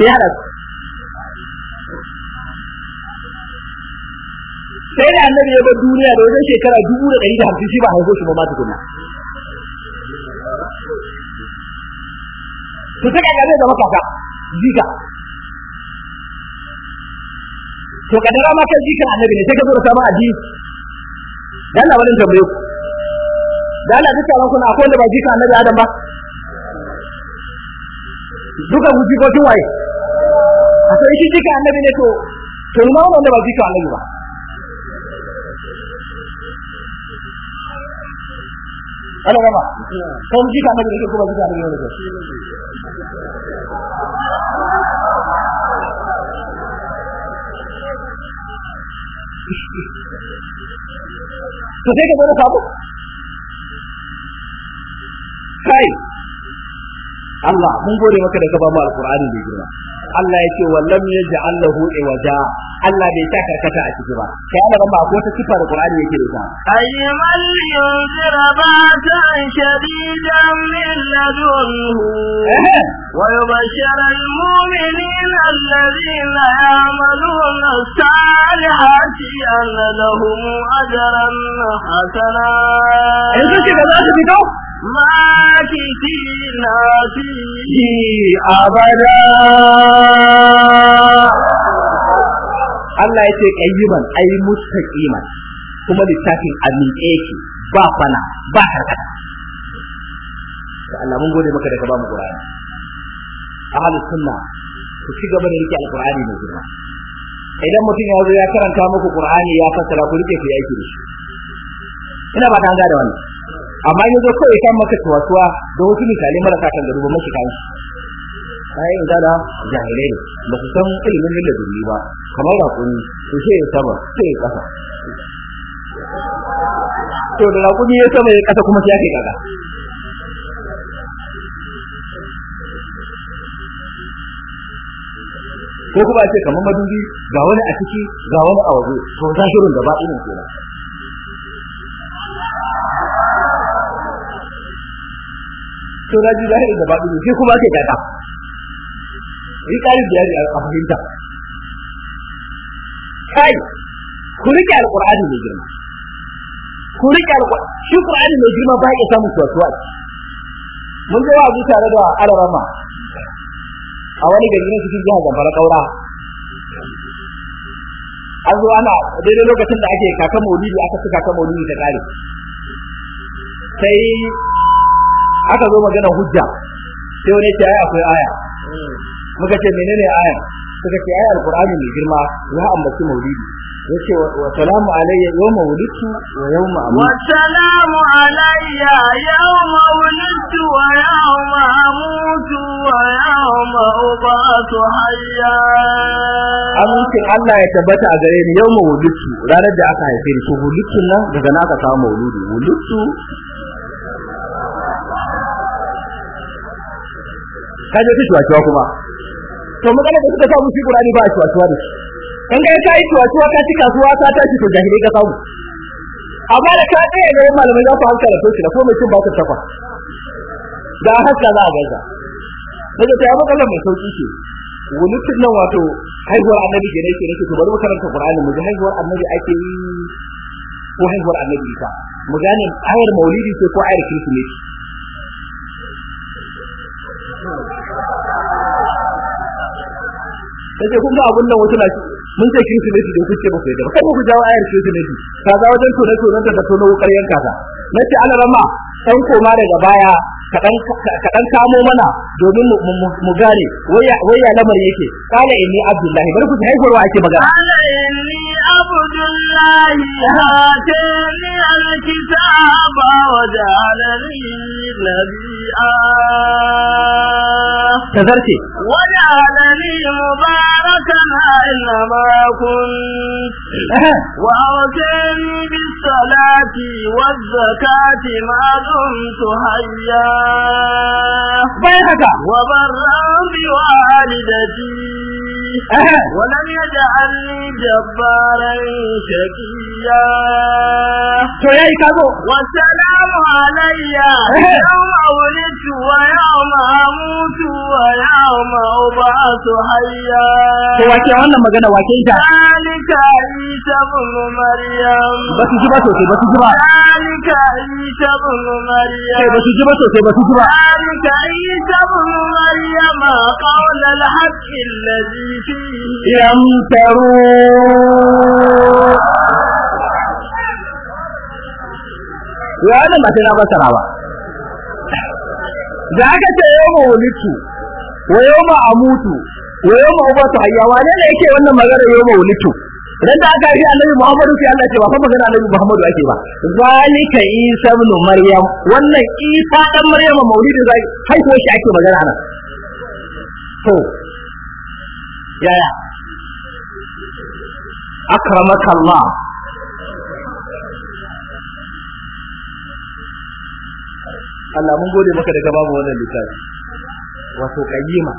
ne hada sai da annabi ya bar duniya da wajen shekara dubu da ɗari da hamsin shi ba haifo shi ba ma tukuna to sai ga zai zama kaka jika to kadara ma maka jikan annabi ne sai ka zo da sabon addini dan Allah wannan tambaye ku dan Allah duka ran kuna akwai da ba jikan annabi Adam ba duka ku ji ko ji waye a sai shi jikan annabi ne to to ma wanda ba jikan annabi ba ana gama ko jikan annabi ne ko ba jikan annabi ne to sai ka zo da sabo kai Allah mun gode maka da ka ba mu alqur'ani da girma Allah ya ce wallam Allah lahu iwaja Allah bai ta karkata a ciki ba sai Allah ba ko ta sifar Qur'ani yake da ta. ayyamal yunzir ba'san shadidan min ladunhu wa yubashshira al-mu'minina alladhina ya'maluna as-salihati anna lahum ajran hasana yanzu ki ga za su fito Allah ya ce ƙayyuban ai mustaƙima kuma littafin amin yake ba kwana ba karkata da Allah mun gode maka da ka ba mu Qur'ani ahlus sunna ku ci gaba da rike alqur'ani mai girma idan mutum ya zo ya karanta muku Qur'ani ya fassara ku rike ku yi aiki da shi ina ba ta da wannan amma zo kai kan maka tuwatuwa da wasu misali marasa kan garuba ba mashi kan shi sai in gana jahilai ne ba su san ilimin da dubi ba kamar kun su sai ya saba sai ya kasa to da rakuni ya sama ya kasa kuma sai ya kai ko kuma a ce kamar madubi ga wani a ciki ga wani a waje to da ba irin kenan to raji zahiri da baɗi sai kuma ke kaka yi ƙarin biyar a fahimta kai ku rike alqur'ani mai girma ku rike alqur'ani shi qur'ani mai girma ba ya samu kwatuwa mun je wa tare da alarama a wani gari ne cikin jihar Zamfara kaura an zo ana daidai lokacin da ake kaka maulidi aka saka kaka maulidi ta kare sai aka zo magana hujja sai wani ce ai akwai aya muka ce menene aya suka ce ai alqur'ani mai girma ya ambaci maulidi yace wa salamu alayya yawma wulidtu wa yawma amutu wa salamu alayya yawma wulidtu wa yawma amutu wa yawma ubatu hayya amincin Allah ya tabbata a gare ni yawma wulidtu ranar da aka haife ni to wulidtu nan daga na aka samu maulidi wulidtu ka je ta shuwa kuma to magana da suka samu shi Qur'ani ba shuwa shuwa ne in ga ka yi shuwa shuwa ka ci kasuwa ka tashi to jahili ka samu amma da ka tsaya ga malamai za ku hauka da shi da ko mai cin ba ta tafa da haka za a gaza daga ta matsalar mai sauki ce wulutun nan wato haihuwar annabi ke nake nake to bari mu karanta Qur'ani mu ji haihuwar annabi ake yi ko haihuwar annabi ta mu gane ayar maulidi ce ko ayar kirsimeti kace kun ga abun nan wato lafi mun ce kirsimeti da kuke ba ku da kai ku jawo ayar kirsimeti kaza wajen tone tone da to na wukar yanka ka nace ala rama dan koma daga baya ɗan kamo mana domin mu gane waya lamar yake kala inni abdullahi bari ku haifarwa ake magana kala inni abdullahi hatani alkitaba wa ja'alani nabiyya tazarce wajadani mubarakan aina ma kun wa awtan bis salati su zakati ma dum tuhayya wa barra bi walidati ولم يجعلني جبارا شكيا شويه يكابو والسلام علي يوم ولدت ويوم اموت ويوم ابعث حيا ذلك عيسى ابن مريم بس جبا توتي بس جبا ذلك عيسى ابن مريم ذلك عيسى ابن مريم قول الحق الذي yamtarun ya na da aka ce wannan magana wulitu da aka annabi Muhammadu sai Allah ce ba fa magana annabi Muhammadu ake ba zalika isa ibn maryam wannan isa dan maryam maulidi zai shi ake magana nan to yaya akramaka Allah Allah mun gode maka daga babu wannan litafi wato kayyima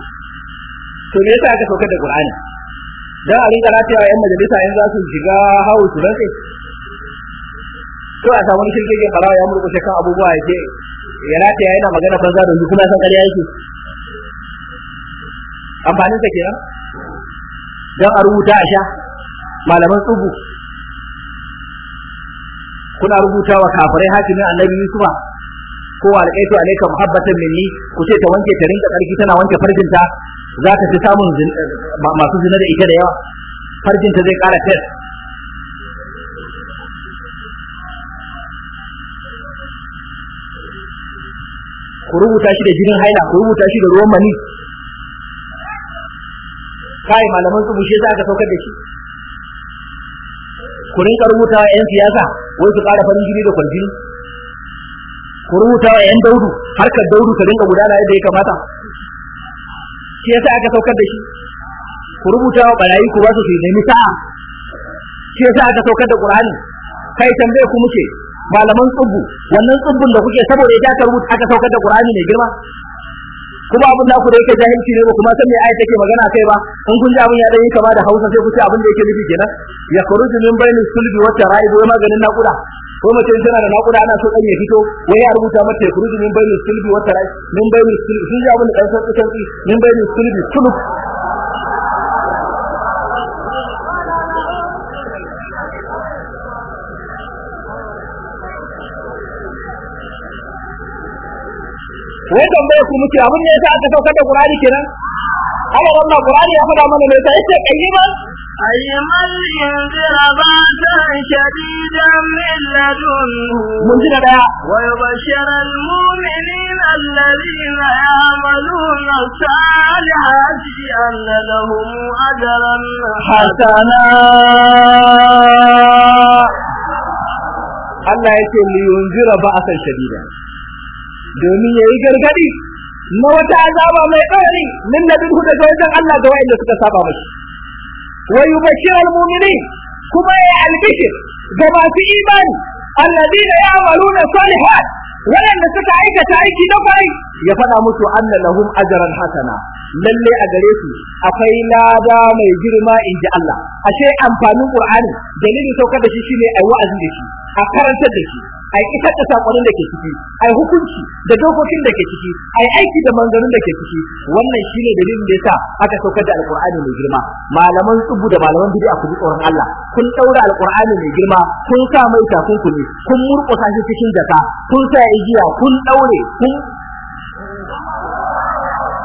to me yasa aka saukar da Qur'ani dan a rinka wa yan majalisa in za su shiga hawo su rantsa to a samu shirke ke farawa ya murƙushe kan abubuwa yake ya rataya yana magana banza da kuma san ƙarya yake amfanin sa kenan don a rubuta a sha malaman tsubu kuna rubuta wa kafirai hakimi annabi yusufa ko alƙaitu alaika muhabbatan minni ku ce ta wanke ta rinka tsarki tana wanke farjinta za ka fi samun masu zina da ita da yawa farjinta zai ƙara fes ku rubuta shi da jinin haila ku rubuta shi da ruwan mani kai malaman su bushe za ka saukar da shi ku rinka rubuta wa 'yan siyasa wai su ƙara farin jini da kwarjini ku rubuta wa 'yan daudu harkar daudu ta rinka gudana yadda ya kamata shi yasa aka saukar da shi ku rubuta wa barayi ku ba su su nemi sa'a shi yasa aka saukar da ƙur'ani kai tambaye ku muke malaman tsubbu wannan tsubbun da kuke saboda ya aka rubuta aka saukar da ƙur'ani mai girma kuma abin da ku da yake jahilci ne ba kuma san me ayat take magana kai ba in kun ji abin ya dai kama da Hausa sai ku ce abin da yake nufi kenan ya kuruju min bayin sulbi wa tara'id wa maganin naquda ko mace tana da naquda ana so dan ya fito wai ya rubuta mata ya kharuju min bayin sulbi wa tara'id min bayin sulbi sun ji abin da kai sai kusanci min bayin sulbi sulbi wai tambaya ku muke abin da yasa aka saukar da Qur'ani kenan Allah wannan Qur'ani ya faɗa mana ne sai ce qayyiban ayyaman inzirabatan shadidan min ladunhu mun ji da wa yubashshira almu'minin alladhina ya'maluna as-salihati anna lahum ajran hasana Allah yake liyunzira ba'atan shadidan domin yayi gargaɗi? na wata azaba mai tsari min da duk da wajen Allah da wa'inda suka saba mashi wa yubashirul mu'minin kuma ya albishir ga masu imani alladina ya'maluna salihat waɗanda suka aikata aiki na kwarai ya faɗa musu anna lahum ajran hasana lalle a gare su akwai lada mai girma in ji Allah ashe amfanin Qur'ani dalilin saukar da shi shine ai wa'azi da shi a karantar da shi ai isar da sakonin da ke ciki ai hukunci da dokokin da ke ciki ai aiki da manzannin da ke ciki wannan shine dalilin da ya sa aka saukar da alqur'ani mai girma malaman tsubu da malaman bid'a a ji tsoron Allah kun daura alkur'ani mai girma kun sa mai takunkumi kun murƙusa shi cikin jaka kun sa igiya kun daure kun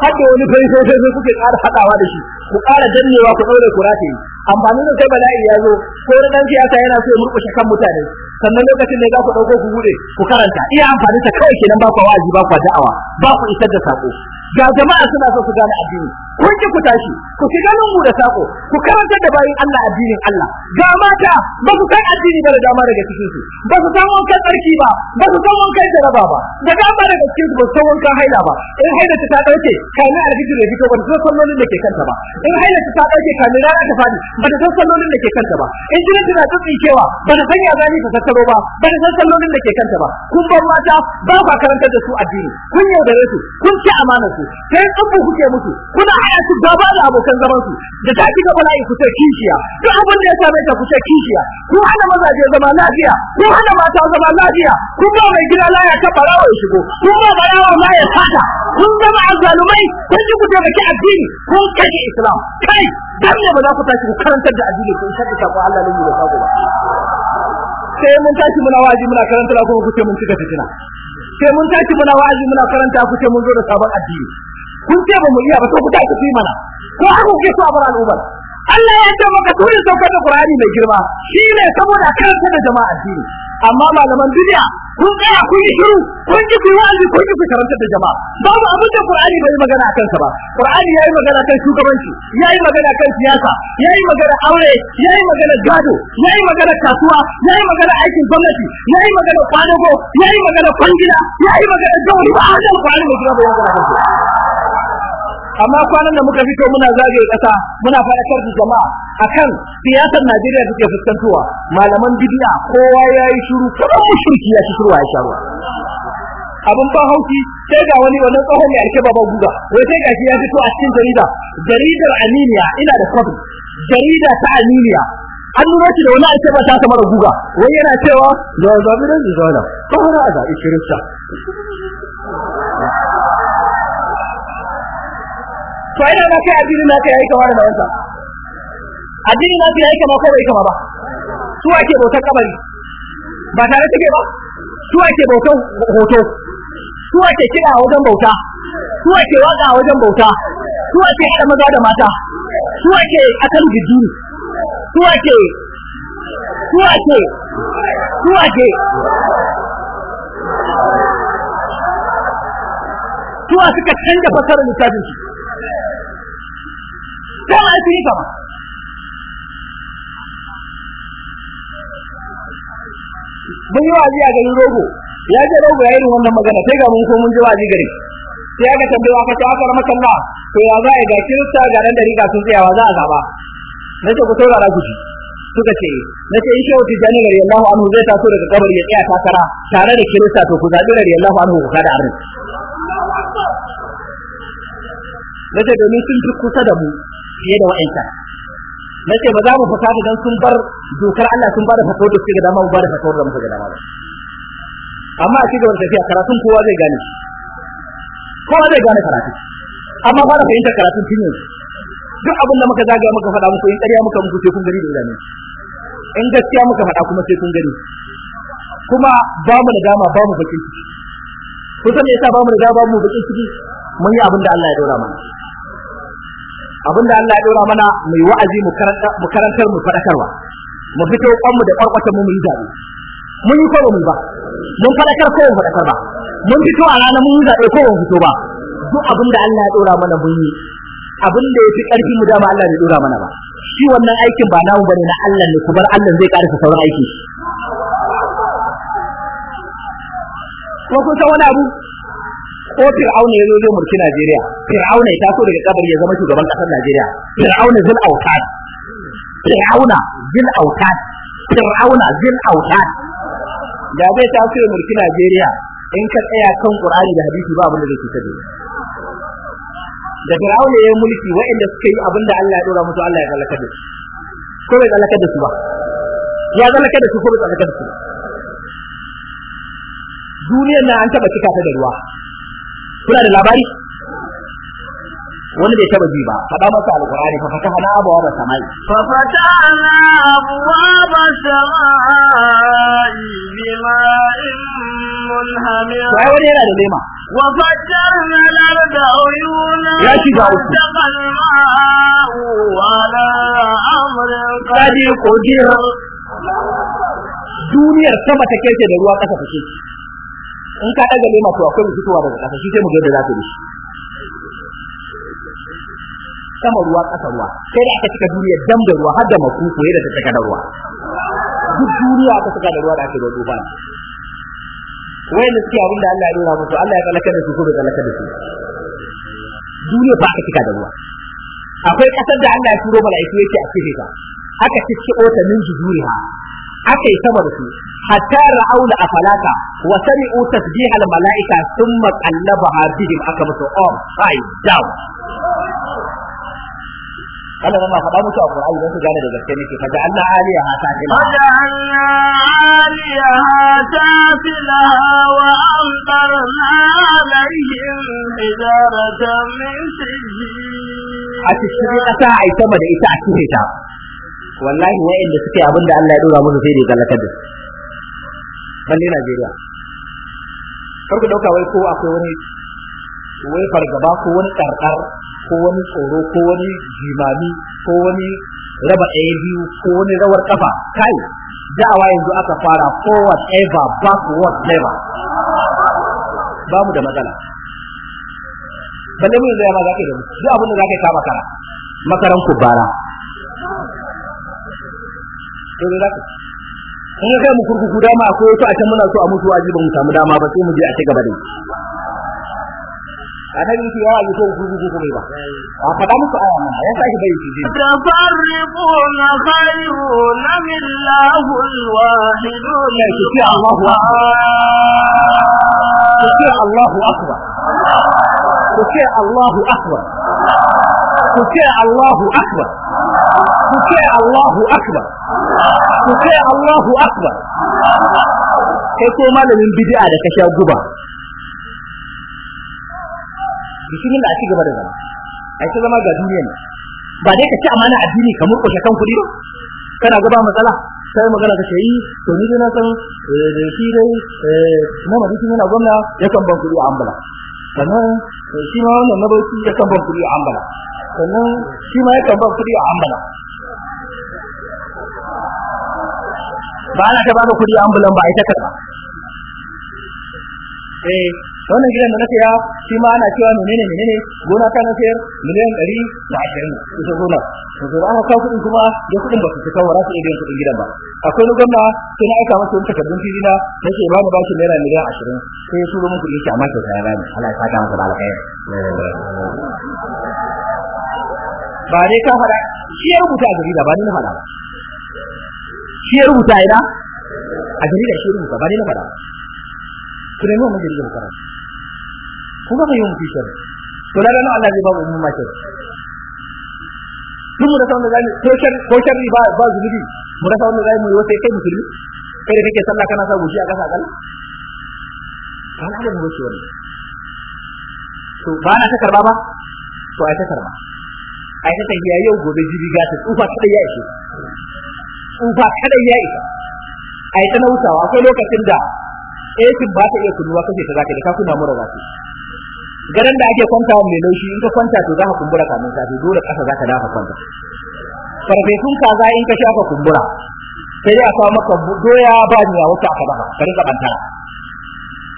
haɗe wani fai sai sai kuke ƙara haɗawa da shi ku ƙara dannewa ku ɗaure ku rataye amfanin da sai bala'i ya zo ko wani ɗan siyasa yana so ya murƙushe kan mutane sannan lokacin da za ku ɗauko ku buɗe ku karanta iya amfanin ta kawai kenan ba ku wa'azi ba ku da'awa ba ku isar da saƙo ga jama'a suna so su gane addini kun ki ku tashi ku ganin mu da sako ku karanta da bayin Allah addinin Allah ga mata ba su san addini ba da dama daga cikin su ba su san wankan tsarki ba ba su san wankan jaraba ba da dama daga cikin su ba su san wankan haila ba in haila ta dauke kamin alfijir ya fito ba su san sallolin da ke kanta ba in haila ta dauke kana da ta fadi ba su san sallolin da ke kanta ba in jinin tana tsitsi cewa ba su san ya gani ta tattaro ba ba su san sallolin da ke kanta ba kun bar mata ba ku karantar da su addini kun yaudare su kun ci amanar su su sai tsubu kuke musu kuna haya su gaba da abokan zaman su da ta kika bala'i ku ce kishiya duk abin da ya same ta ku ce kishiya ku hana mazaje zama lafiya ku hana mata zama lafiya ku ba mai gida laya ta barawa ya shigo ku ba barawa ma ya fata kun zama azalumai? kun ji ku taimaki addini kun kashe islam kai dan ne ba za ku tashi ku karantar da addini kun shaɗi sako Allah ne da sako ba sai mun tashi muna waji muna karanta la kuma kuce mun cika fitina sai mun tashi muna wa'azi muna karanta ku ce mun zo da sabon addini kun ce ba mu iya ba to ku tashi ku mana ko haka ke so a bar al'umma Allah ya ce maka dole saukar da Qur'ani mai girma shine saboda karanta da jama'a addini amma malaman duniya kun tsaya kun yi shiru kun ji kuyi wa'azi kun ji ku karanta da jama'a babu abin da qur'ani bai magana akan sa ba qur'ani yayi magana kan shugabanci yayi magana kan siyasa yayi magana aure yayi magana gado yayi magana kasuwa yayi magana aikin gwamnati yayi magana kwadago yayi magana kwangila yayi magana jawri ba a da qur'ani bai magana ba amma kwanan da muka fito muna zagaye kasa muna faɗakar da jama'a akan siyasar Najeriya da ke fuskantowa malaman bid'a kowa yayi shiru kuma mushriki ya shiru ya sharuwa abin ban hauki sai ga wani wannan tsohon mai ake baban guga wai sai ga shi ya fito a cikin jarida jaridar Aminiya ina da kwabi jarida ta Aminiya an nuna shi da wani ake ba ta mara guga wai yana cewa da zabi da zuwa da fara da ikirista to ina na kai addini na kai aika wani da wata addini na kai aika ma ko bai kama ba su ake bautar kabari ba tare take ba su ake bautar hoto su ake kira a wajen bauta su ake waka a wajen bauta su ake haɗa maza da mata su ake akan jijjiri su ake su ake su ake suwa suka canza fasarar littafin su kama mun yi wazi a garin rogo ya je rogo ya yi wannan magana sai ga mun ko mun ji wazi gari sai aka tambaye aka ce aka rama kalla to ya za a ga kirista ga nan dariƙa sun tsayawa za a zaba na ce ku saurara ku ji suka ce na ce in shehu tijani radiyallahu anhu zai taso daga kabari ya tsaya takara tare da kirista to ku zaɓi radiyallahu anhu ku kada arin na ce domin sun fi kusa da mu fiye da wa'ancan na ce ba za mu fita mu sun bar dokar Allah sun ba da fatawar da suke ga dama ba da fatawar da muka ga dama ba amma a cikin tafiya karatun kowa zai gane kowa zai gane karatun amma ba da fahimtar karatun tun yanzu duk abin da muka zagaya muka faɗa muku in ƙarya muka muku sai kun gani da idanun in gaskiya muka faɗa kuma sai kun gani kuma ba mu da dama ba mu bakin ciki kusan me yasa ba mu da dama ba mu bakin ciki mun yi abin da Allah ya daura mana abinda Allah ya daura mana mai wa'azi mu karantar mu fadakarwa mu fito kwanmu da kwarkwatan mu mu yi zabe mun yi ko mu ba mun fadakar ko mu fadakar ba mun fito a ranar mun yi zabe ko mu fito ba duk abinda Allah ya daura mana mun yi abinda yafi karfi mu dama Allah ya daura mana ba shi wannan aikin ba namu bane na Allah ne kuma bar Allah zai karasa sauran aiki ko kun san wani abu ko fir'auna ya zo zai mulki Najeriya fir'auna ya taso daga kabari ya zama shugaban kasar Najeriya fir'auna zil autad fir'auna zil autad fir'auna zil autad da zai taso ya mulki Najeriya in ka tsaya kan Qur'ani da hadisi ba abin da zai cutar da da fir'auna ya mulki waɗanda suka yi abin da Allah ya dora musu Allah ya halaka da su ko bai da su ba ya halaka da su ko bai da su duniyar na an taba cika ta da ruwa kuna da labari wanda bai taba ji ba faɗa masa alqur'ani fa fataha na abawa ba samai fa fataha na abawa ba samai bima munhamir wai wani yana da lema wa fajjarna al-ard uyuna ya ci ga uku wa la qadir qadir duniyar sama take ce da ruwa kasa take ce in ka daga nema to akwai fitowa daga kasa shi sai mu ga yadda za ta yi sama ruwa kasa ruwa sai da aka cika duniya dam da ruwa har da makuku da ta cika da ruwa duk duniya aka cika da ruwa da ake da ruwa Wai da suke abin da Allah ya nuna musu Allah ya tsalaka da su ko da tsalaka da su duniya ba aka cika da ruwa akwai kasar da Allah ya turo mala'iku yake a cikin ta aka cike ta min zuriha aka yi sama da su hatta ra'aula afalaka wa sami'u tasbih al mala'ika thumma qallabaha bihim aka musu oh my down Allah ma faɗa musu a don su gane da gaske nake fa ja'alna aliyaha safila fa wa alaihim hijaratan min sijil a cikin ƙasa ai sama da ita a cikin ta wallahi wa'anda suke abin da Allah ya dora musu sai da galakar da su balle Najeriya kar dauka wai ko akwai wani wai fargaba ko wani karkar ko wani tsoro ko wani jimami ko wani raba ɗaya biyu ko wani rawar kafa kai da'awa yanzu aka fara forward ever backward never ba mu da matsala balle mun da ya ma zaka da mu duk abin da zakai kama makara makaran kubara bara to in kai mu kurkuku dama akwai wato a can muna so a mutu wajibi mu samu dama ba sai mu je a ci gaba da yi ba a faɗa musu aya ya bai shi Allahu Allahu akbar Allahu akbar Allahu Allahu akbar ku ce Allahu akbar kai ko malamin bid'a da ka sha guba bismillah da ci gaba da zama ai ta zama ga duniya ne ba dai ka ci amana addini ka ko kan kuɗi ba kana gaba matsala sai magana ka yi to ni na san eh, shi dai na ma duk yana gwamna ya kan ban kuɗi a ambala sannan eh, shi ma wannan na bauchi ya kan ban kuɗi a ambala sannan shi ma ya kan ban kuɗi ambala ba ana ta baka kuɗi ambulan ba a ita karɓa eh wannan gidan da na saya shi ma ana cewa menene menene gona ta na sayar miliyan ɗari ashirin ita gona to ba an kawo kuɗin kuma da kuɗin ba su ta kawo rasu idan kuɗin gidan ba akwai na gwamna sai aika masa wani takardun fili na nake ba ni bashi naira miliyan ashirin sai ya turo min kuɗi shi amma ke saya rami Allah ya saka masa da alƙairi ba dai ka fara shi ya rubuta a jarida ba ni na fara. ba shi ya rubuta ina a jarida shi rubuta ba ne na faɗa ku nemi wannan jaridar ko ku ga mutu fitar to da na Allah zai ba mu umma ce duk mu da sanin zai ko shar ko shar ba ba zubi mu da sanin zai mu yi wata kai musulmi kai da kake sallah kana sa gushi a kasa kan an hada mu wuce wani, to ba na ta karba ba to ai ta karba ai ta tafiya yau gobe jibi ga ta tsufa ta ya ishe tsufa kadai ya isa a yi ta nausawa akwai lokacin da ekin ba ta iya kunuwa kashe ta zaka da ka kuna mura wasu. garin da ake kwantawa mai laushi in ka kwanta to za ka kumbura kamin safe dole kasa za ka dafa kwanta farfesun kaza in ka shafa kumbura sai ya kawo maka doya ba ni a wata aka dafa ka rinka da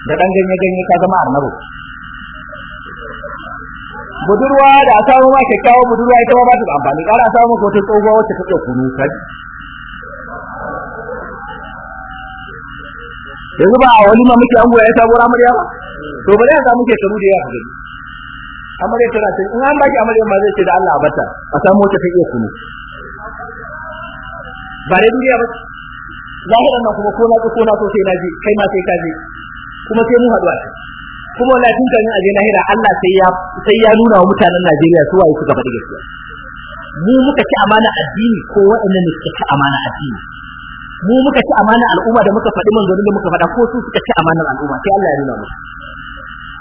dan ganye ganye ka zama annabo budurwa da a samu ma kyakkyawan budurwa ita ma ba ta amfani kara samu ko ta tsohuwa wacce ta ɗauki yanzu ba a walima muke an goya sabuwar amarya ba to ba a samu ke karu da yawa gani amarya tana ce in an baki amarya ma zai ce da Allah bata a samu wata ta iya kunu ba dai duniya ba zahiran nan kuma ko ko na so sai na kai ma sai ka kuma sai mun haɗu a kuma wani tun kan aje lahira Allah sai ya sai ya nuna wa mutanen Najeriya su waye suka faɗi gaskiya mu muka ci amana addini ko waɗannan ne suka ci amana addini mu muka ci amanar al'umma da muka faɗi manzonin da muka faɗa ko su suka ci amanar al'umma sai Allah ya nuna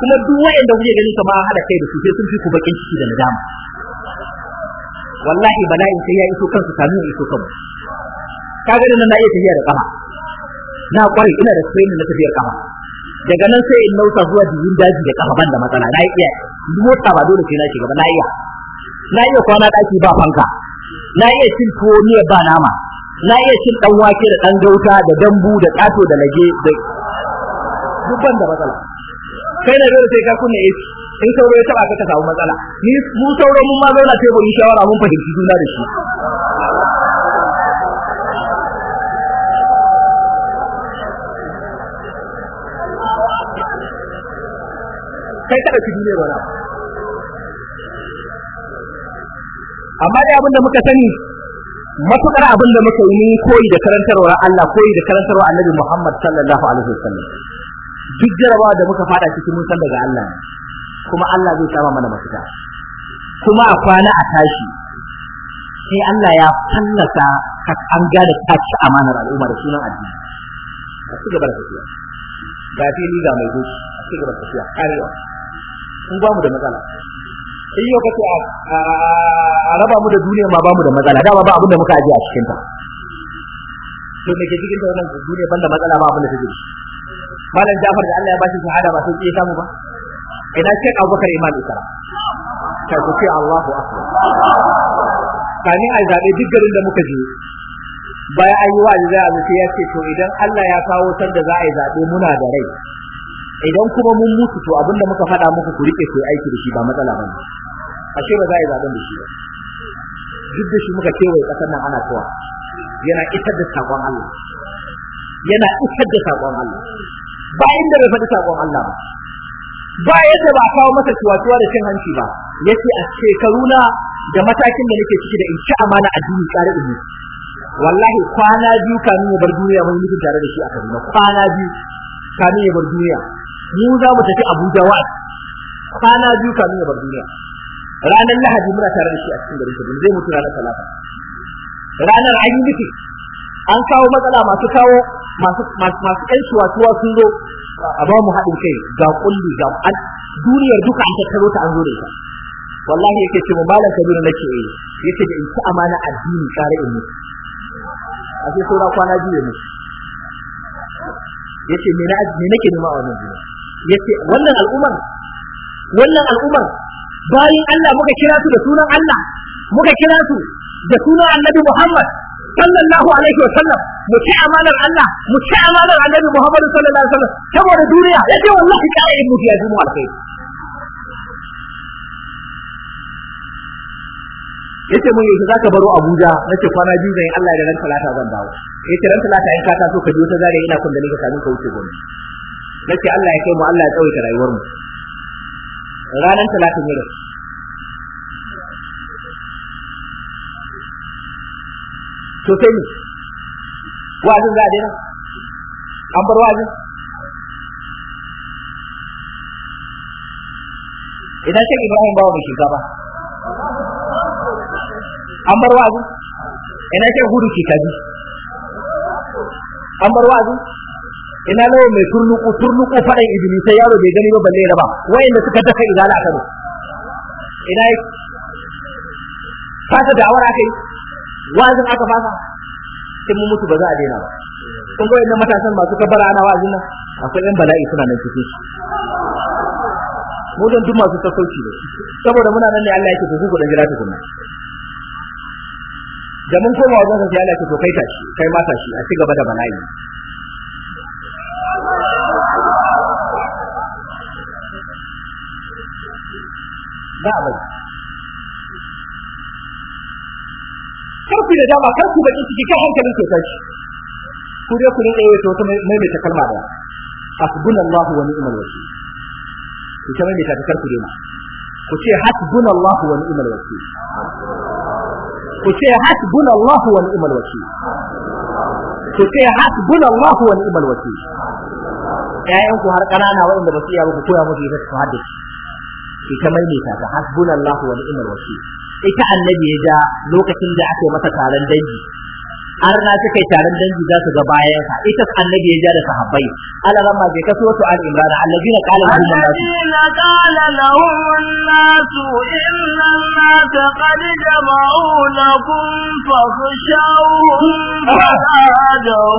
musu kuma duk wanda kuke gani kamar hada kai da su sai sun fi ku bakin ciki da nadama wallahi bala'in sai ya iso kansu sami ya iso kanmu ka ga nan na iya tafiya da kafa na kwari ina da training na tafiyar kafa daga nan sai in nauta zuwa jikin daji da kafa ban da matsala na iya mota ba dole sai na shiga ba na iya na iya kwana daki ba fanka na iya cin tuwo miya ba nama na iya cin dan wake da dan gauta da dambu da kato da lage da duk banda matsala kai na dole sai ka kunna shi in sauro ya taba ka samu matsala ni mu sauro mun ma zauna sai mun shawara mun fahimci juna da shi kai kada ki dole wala amma dai abinda muka sani matukar abin da muka yi mun koyi da karantarwar Allah koyi da karantarwar Annabi Muhammad sallallahu alaihi wasallam duk jarabawa da muka fada ciki mun san daga Allah ne kuma Allah zai sama mana mafita kuma a kwana a tashi sai Allah ya fannasa ka an gane ta ci amanar al'umma da sunan addini a ci gaba da tafiya ga fili ga mai gushi a cikin gaba da tafiya karewa sun ba mu da matsala in yau kace a raba mu da duniya ma bamu da matsala dama ba abin da muka aje a cikin ta to me ke cikin ta wannan duniya banda matsala ba abin da take malam Jafar da Allah ya bashi shahada ba sai ya samu ba idan Sheikh Abubakar Imam Isra ta ce Allahu akbar kani a zabe duk garin da muka je bayan an wa da za sai ya ce to idan Allah ya kawo san da za a yi zabe muna da rai idan kuma mun mutu to abinda muka faɗa muku ku rike ku aiki da shi ba matsala bane ashe ba za a yi zaben da shi ba duk da shi muka kewaye ƙasar nan ana kowa yana isar da saƙon Allah yana isar da saƙon Allah ba inda bai faɗi saƙon Allah ba ba yadda ba kawo masa tuwatuwa da cin hanci ba yace a shekaruna da matakin da nake ciki da in ci amana a duniya tsare in wallahi kwana biyu kamin ya bar duniya mun mutu tare da shi a Kaduna kwana biyu kamin ya bar duniya mu za mu tafi Abuja wa kwana biyu kamin ya bar duniya ranar lahadi muna tare da shi a cikin garin Kaduna zai mutu ranar talata ranar an yi biki an kawo matsala masu kawo masu masu ƴan shuwatuwa sun zo a ba mu haɗin kai ga kulli ga an duniyar duka an tattaro ta an zo da ita wallahi yake ce mu malam Kabiru nake yi yace da in ci amana addini kare in mutu a sai saura kwana biyu ne yace me na me nake nema a wannan duniya yace wannan al'umar wannan al'umar bayin Allah muka kira su da sunan Allah muka kira su da sunan Annabi Muhammad sallallahu alaihi wa sallam mu ci amanar Allah mu ci amanar Annabi Muhammad sallallahu alaihi wa sallam saboda duniya yace wallahi kai mu ya ji mu alkai yace mun yi zaka baro Abuja nace kwana biyu zan Allah da ran talata zan dawo yace ran talata in ka taso ka je ta zare ina kun da ni ka kamin ka wuce gobe nace Allah ya kai mu Allah ya tsawaita rayuwar mu ranar talatin yau to sai ne wa'azin za a daina an bar wa'azin idan shek ibrahim bawa mai shinkafa an bar wa'azin idan shek hudu shekaji an bar wa'azin ina nawa mai turnuku turnuku faɗan iblis sai yaro bai gani ba balle raba wayanda suka daka izala kano ina yi fasa da'awar aka yi wazin aka fasa sai mun mutu ba za a daina ba kun goyi na matasan masu kabara ana wazin nan akwai yan bala'i suna nan cikin Mudan mu don duk masu sassauci ne saboda muna nan ne Allah yake to ku dan jira tukunna da mun koma wajen sai Allah yake to kai tashi kai a ci gaba da bala'i ba ba kar da dama kar ku bakin ciki kan hankalin ku tashi ku dai ku ne wato yato ta maimaita kalma da hasbunallahu wa ni'mal wakeel ku ta maimaita ta kar ku dena ku ce hasbunallahu wa ni'mal wakeel ku ce hasbunallahu wa ni'mal wakeel ku ce hasbunallahu wa ni'mal wakeel ƴaƴan ku har ƙanana waɗanda ba su iya ba ku koya musu ita su haddace sai ta maimaita ta hasbunallahu wa ni'mal wakil ita annabi ya ja lokacin da aka mata taron dangi har na suka yi taron dangi za su ga bayan sa ita annabi ya ja da sahabbai alaran ma bai kaso wato al-imran allazina qala lahum allazina qala lahum an-nas inna an-nas qad jama'u lakum fakhshawhum fazadahum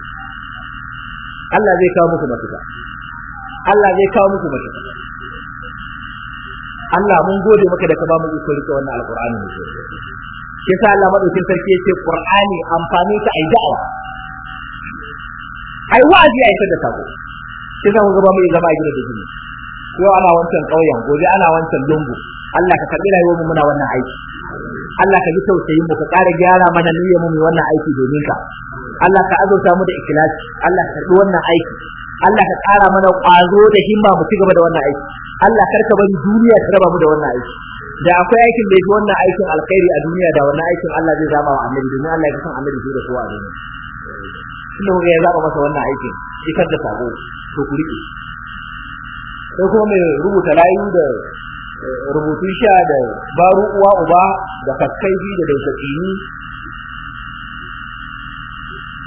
Allah zai kawo muku mafita Allah zai kawo muku mafita Allah mun gode maka da ka ba mu iko rike wannan alqur'ani ne ke. sa Allah madaukin sarki yace qur'ani amfani ta ai da'awa ai wa'azi ai ta da sako shi sa mun ga ba mu zama a gidan da yau ana wancan kauyen gobe ana wancan lungu Allah ka karbi rayuwar mu muna wannan aiki Allah ka ji tausayin mu ka ƙara gyara mana niyyar mu wannan aiki domin ka Allah ka azurta mu da ikhlasi Allah ka karbi wannan aiki Allah ka ƙara mana ƙwazo da himma mu ci gaba da wannan aiki Allah kar ka bari duniya ta raba mu da wannan aiki da akwai aikin da yake wannan aikin alkhairi a duniya da wannan aikin Allah zai zama wa annabi domin Allah ya san annabi zai da kowa a duniya ne ya zaba masa wannan aikin ikar da sabo to ku riƙe. sai kuma mai rubuta layu da eh, rubutun sha da baru uwa uba da kakkai da dausatsini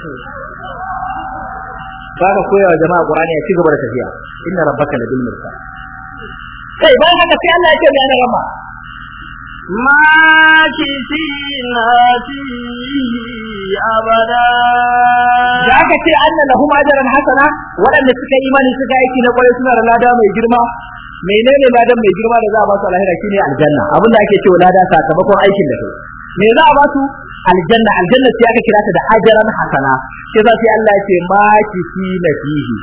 koya koyawa jama'a Qur'ani ya ci gaba da tafiya inna rabbaka labil mursal kai ba haka sai Allah ya ce mai na ti abada da aka ce anna lahum ajran hasana waɗanda suka imani suka aiki na kwarai suna da lada mai girma menene ladan mai girma da za a ba su alheri shine aljanna abinda ake cewa lada sakamakon aikin da kai me za a ba su aljanna aljanna sai aka kira ta da hajaran hasana sai za sai Allah ce ma ki fi nafihi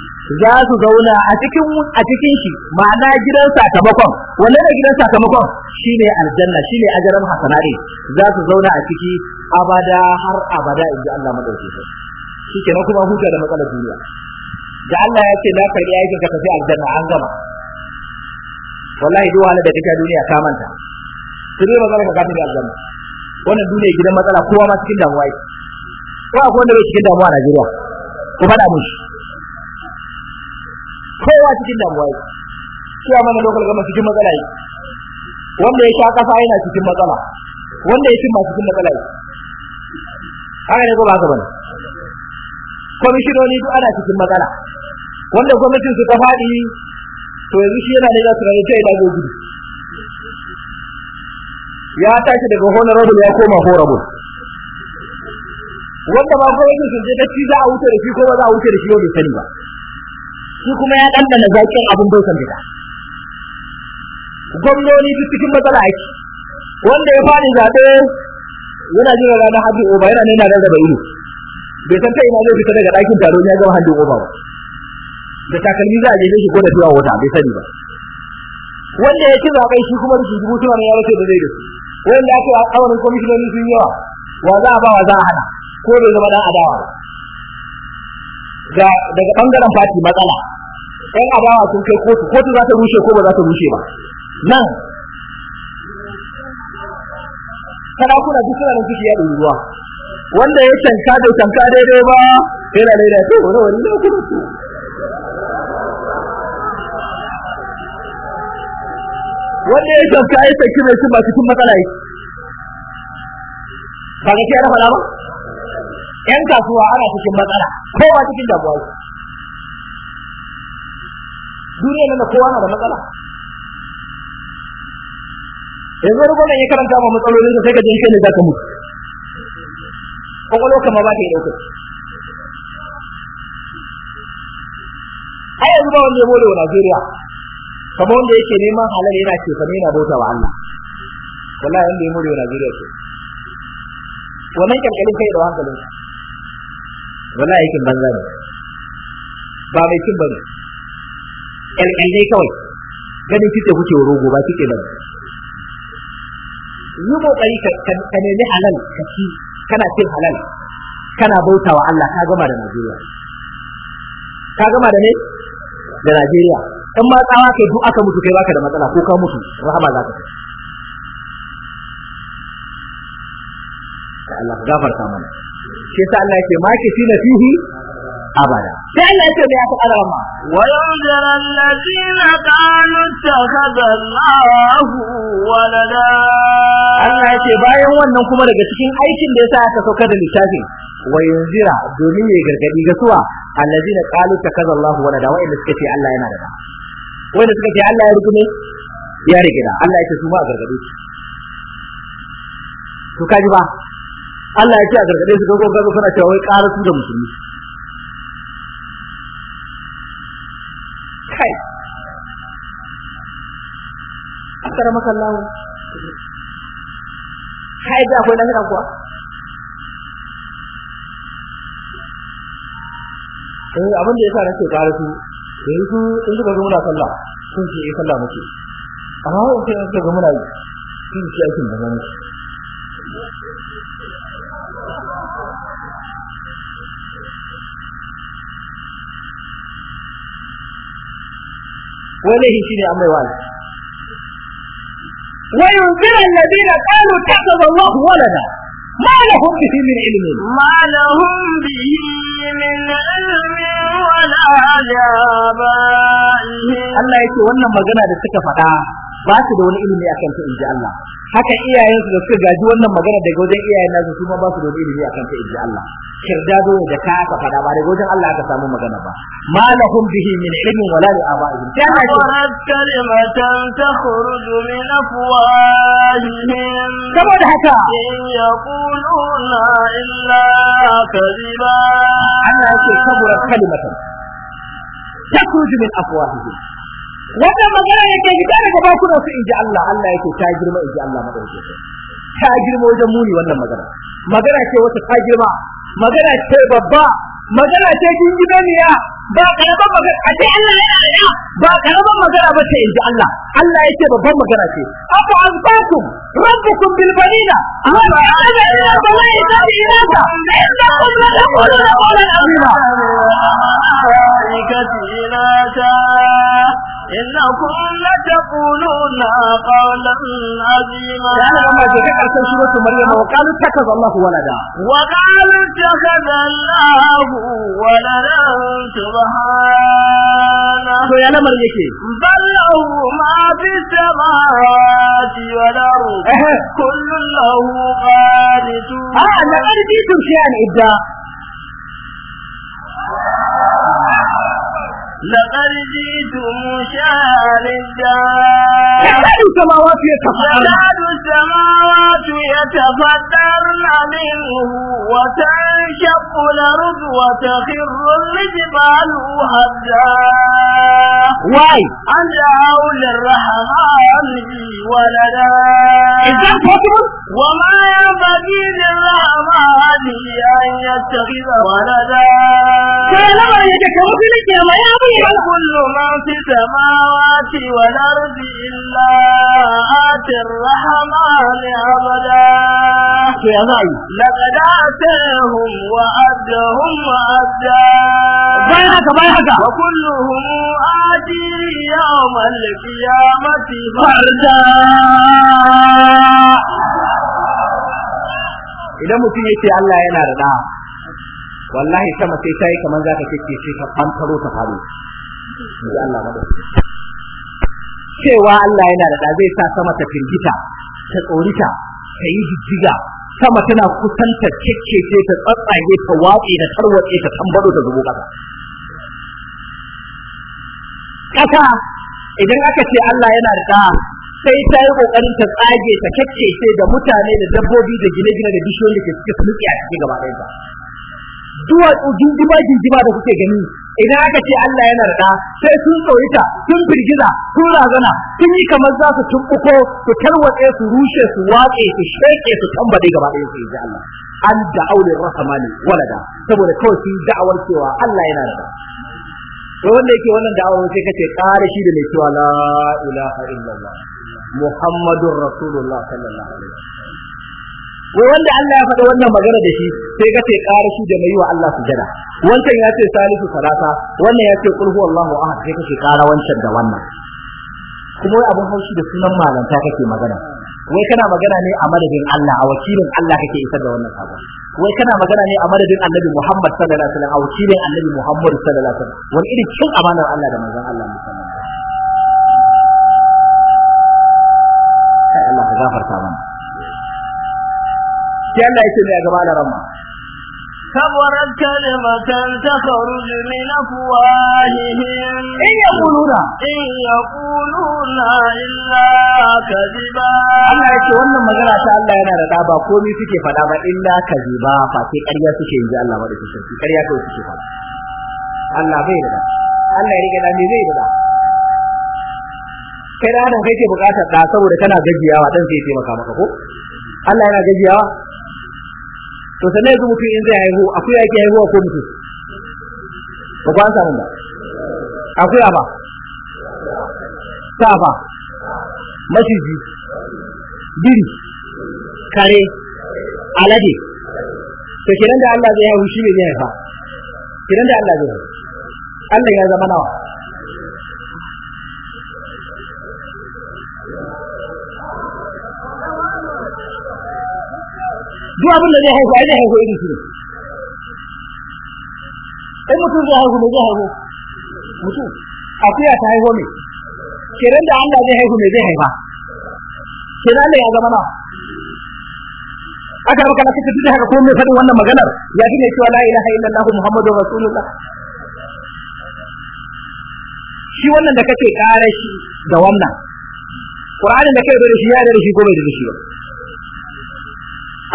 za su zauna a cikin a cikin shi ma'ana gidan sakamakon wanda ne gidan sakamakon shine aljanna shine ajaran hasana ne za su zauna a ciki abada har abada inji Allah madauki shike na kuma huta da matsalar duniya da Allah ya ce na karbi aikin ka tafi aljanna an gama wallahi duwa da kake duniya ka manta sai magana ka kafin aljanna wannan duniya gidan matsala kowa ma cikin damuwa yake ko akwai wanda bai cikin damuwa a Najeriya ko faɗa mushi kowa cikin damuwa yake kowa mana lokal gama cikin matsala yake wanda ya sha kafa yana cikin matsala wanda ya cimma cikin matsala yake haka ne ko ba haka bane komishinoni duk ana cikin matsala wanda gwamnatin su ta faɗi to yanzu shi yana da za su rage ya ila gobe ya tashi daga honorable ya koma horrible wanda ba ko yake sun da shi za a wuce da shi ko ba za a wuce da shi wanda sani ba shi kuma ya dandana zakin abin bai san bida gwamnoni duk cikin matsala ake wanda ya fadi zaɓe yana jira ranar hajji oba yana nuna da zaba ido bai san ta ma zai fita daga ɗakin taro ya ga hadu oba ba da takalmi za a je shi ko da tuwa wata bai sani ba wanda ya ci zaɓe shi kuma da shi dubu ya rake da zai da shi wanda ake alƙawarin kwamishinoni sun yawa wa za a ba wa za a hana ko bai zama dan adawa ba daga bangaren fati matsala ɗan adawa sun kai kotu kotu za ta rushe ko ba za ta rushe ba nan sarakuna duk suna da suke da ruwa wanda ya canka da canka daidai ba yana daidai to wani wani ne kuma wanda ya tafka ya saki mai cin masu cikin matsala yi ba ga kiyar fara ba yan kasuwa ana cikin matsala kowa cikin damuwa yi duniya nan kowa na da matsala yanzu wani gwamnan ya karanta ma matsalolinsa sai ka je shi ne za ka mutu kwakwalwa kama ba ta yi ɗaukar har yanzu ba wanda ya bude wa Najeriya kamar wanda yake neman halal yana ce fa yana bauta wa Allah wallahi wanda ya murewa Najeriya ce wannan kankalin kai da hankalin wallahi yakin banza ne ba mai cin bane kankan dai kawai ganin kike kuke rogo ba kike bane yi kokari ka nemi halal ka ci kana cin halal kana bautawa Allah ka gama da Najeriya ka gama da ne da Najeriya in ma tsawa kai duk aka mutu kai baka da matsala ko ka mutu rahama za ka ta Allah gafarta mana shi yasa Allah yake ma ke fi fihi abada sai Allah yake da aka fara ma wa yanzara allazina qalu takhadha Allahu walada Allah yake bayan wannan kuma daga cikin aikin da yasa aka sauka da littafin wa yanzira domin ya gargadi ga suwa allazina qalu takhadha Allahu walada wa inda suka ce Allah yana da wanda suka ce Allah ya rikime ya rigida Allah ya ce su ma a gargade su to kaji ba Allah ya ce a gargade su gogo gogo kana cewa wai ƙara su da musulmi kai akara makallahu kai da akwai lahira kuwa eh abin da yasa nake ƙara su yanzu in suka muna sallah sun ce eh, sallah muke amma sai suka muna yi sun ce aikin da wani shi ne amai الذين قالوا اتخذ الله ولدا ما لهم به من علم ما لهم به Allah yake wannan magana da suka faɗa ba su da wani ilimi akan ta inji Allah haka su da suka gaji wannan magana daga wajen iyayen nasu su ma ba su da wani ilimi akan ta inji Allah kirdado da ka aka faɗa ba daga wajen Allah aka samu magana ba ma lahum bihi min ilmin wala li abaihim kana kalimatan takhruju min afwahihim saboda haka in yaquluna illa kadiba Allah yake kabura kalimatan takhruju min afwahihim wannan magana yake fita daga bakunan su inji Allah Allah yake ta girma inji Allah madauke ta girma wajen muni wannan magana magana ce wata ta girma magana ce babba magana ce kin ji miya ba karaban magana a ce Allah ya yarda ba karaban magana ba ce inji Allah Allah yake babban magana ce afa azbakum rabbukum bil banina amma ya Allah ya zama ya tabi nasa innakum la taquluna qawlan amina إنكم لتقولون قولا عظيما أنا لما جاء أرسل سورة مريم وقالوا اتخذ الله ولدا وقالوا اتخذ الله ولدا سبحانه يا لما يكي بل له ما في السماوات والأرض كل له قانتون آه أنا أرجيتم شيئا إبدا لقد جئتم شاردا تعداد السماوات يتفطرن تعداد السماوات يتفطرن منه وتنشق الأرض وتخر الجبال هدا واي أن دعوا للرحمن ولدا وما ينبغي للرحمن أن يتخذ ولدا وكل من في السماوات والأرض إلا آتي الرحمن عبدا لقد آتاهم وعدهم عدا وكلهم آتي يوم القيامة فردا idan mutum yake Allah yana da wallahi sama sai ta yi kamar za kike shi ka fantaro ta faru Yanzu Allah madaukakin cewa Allah yana da zai sa sama ta firgita ta tsorita ta yi jijjiga sama tana kusanta kekkece ta tsatsage ta watsi da tarwatse ta tambaro da zubo kasa kasa idan aka ce Allah yana da sai ta yi kokarin ta tsage ta kekkece da mutane da dabbobi da gine-gine da bishiyoyi da ke suke tsuki a cikin gaba ɗaya duwatsu jinjima jinjima da kuke gani idan aka ce Allah yana rada? sai sun tsorita sun firgiza sun razana sun yi kamar za su tumbuko su tarwatse su rushe su watse su sheke su tambade gaba ɗaya su ji Allah an da aure rahmani walada saboda kawai sun da'awar cewa Allah yana rada. to wanda yake wannan da'awar sai kace kare shi da mai cewa la ilaha illallah muhammadur rasulullah sallallahu alaihi wasallam wai wanda Allah ya faɗa wannan magana da shi sai ka ce ƙara shi da mai wa Allah sujada wancan ya ce salisu salasa wannan ya ce qul huwallahu ahad sai ka ce ƙara wancan da wannan kuma wai abin haushi da sunan malanta kake magana wai kana magana ne a madadin Allah a wakilin Allah kake isar da wannan sabon? wai kana magana ne a madadin Annabi Muhammad sallallahu alaihi wasallam a wakilin Annabi Muhammad sallallahu alaihi wasallam wani irin cin amanar Allah da manzon Allah sallallahu alaihi wasallam Allah ka gafarta sai Allah yake mai gaba da ramma كبرت كلمة تخرج من أفواههم إن يقولون إن يقولون إلا كذبا Allah ya ce wannan magana ta Allah yana da ɗaba komai suke faɗa ba illa kaziba fa sai ƙarya suke yi Allah ba da su shirki ƙarya kawai suke faɗa Allah bai da Allah ya rike da me zai da kai da kai ke bukatar da saboda kana gajiyawa dan zai taimaka maka ko Allah yana gajiyawa to sannan yanzu mutum in zai haihu akwai yake haihuwa ko mutum ba ku an samu ba akwai ba safa maciji biri kare alade to kiran da Allah zai haihu shi ne zai haifa kiran da Allah zai haihu Allah ya zama nawa duk abin da zai haihu ai zai haihu irin shi in mutum zai haihu me zai haihu mutum akuya ta haihu ne kiran da Allah zai haihu me zai haifa kiran da ya zama na aka maka nake duk haka ko mai faɗin wannan maganar ya fi ne cewa la ilaha illallah muhammadur rasulullah shi wannan da kake kare shi da wannan Qur'anin da kai da shi ya da shi ko bai da shi ba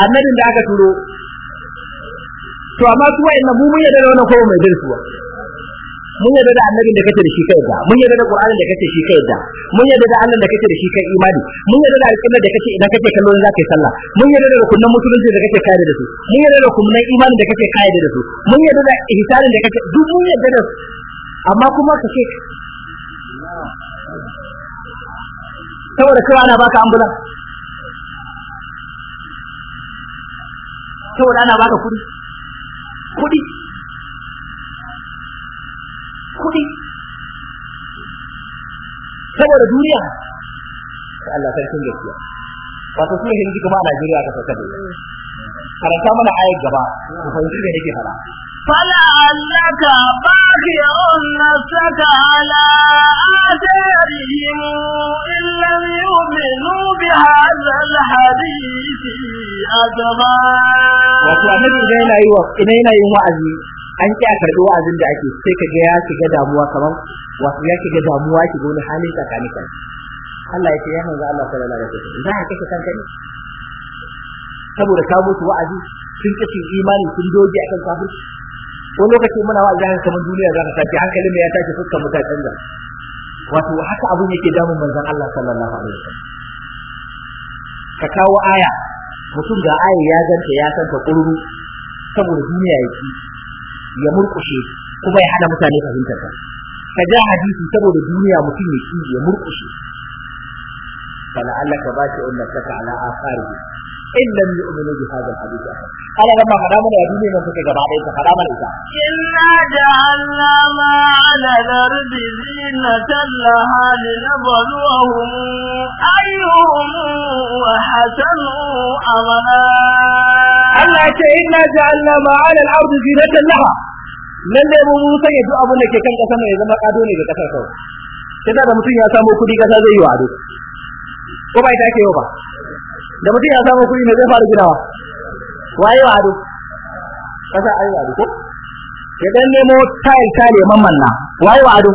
annabin da aka turo to amma su wa'annan mu mun yadda da wannan kowa mai darsuwa mun yadda da annabin da kace da shi kai da mun yadda da qur'anin da kace shi kai da mun yadda da Allah da kace da shi kai imani mun yadda da alƙiblar da kace idan kace kallon za ka yi sallah mun yadda da rukunan musulunci da kace kai da su mun yadda da rukunan imani da kace kai da su mun yadda da ihsanin da kace duk mun yarda da amma kuma ka ce saboda kawai ana baka ambulance saboda ana baka kuɗi kuɗi kuɗi saboda duniya ta Allah sarkin gaskiya wato kuma hindi kuma a Najeriya ka sauka da karanta mana ayat gaba ku fahimci me nake fara فلعلك باخع نفسك على آثارهم إن لم يؤمنوا بهذا الحديث wato annabi idan yana yi wa idan yana yin wa'azi an ki a karbi wa'azin da ake sai ka ga ya shiga damuwa kamar wato ya shiga damuwa ki ga wani halin tsakanin ka Allah ya ce ya manzo Allah sallallahu alaihi wasallam idan kake kanka ne saboda ka mutu wa'azi sun kace imani sun doge akan kafirci wani lokacin muna wa'azi haka kamar duniya za ka tafi hankalin mai ya tashi fuskar mutan ta canza wato haka abun yake damun manzon Allah sallallahu alaihi wasallam ka kawo aya mutum ga aya ya ganta ya san ta kururu saboda duniya yake ya murkushe kuma ya hana mutane fahimtar ta ka ja hadisi saboda duniya mutum ya ci ya murkushe fala allaka baki ummaka ala akharihi in lam yu'minu bi hadha al-hadith ala rabba fada da yadi ne muke gaba da ita fada mana ita inna ja'alna ma 'ala al-ardi zinatan laha linabluwahum ayyuhum ahsanu amala Allah ya ce inna ja'alna ma 'ala al-ardi zinatan laha lalle mu mun sanya duk abin da ke kan kasa mai zama ado ne ga kasar kawai sai da mutum ya samu kudi kasa zai yi wa ado ko bai take yau ba da mutum ya samu kuɗi ne zai fara ginawa waye wa ado kasa ayi wa ado ko ya dan nemo tayil ne mamman na waye wa ado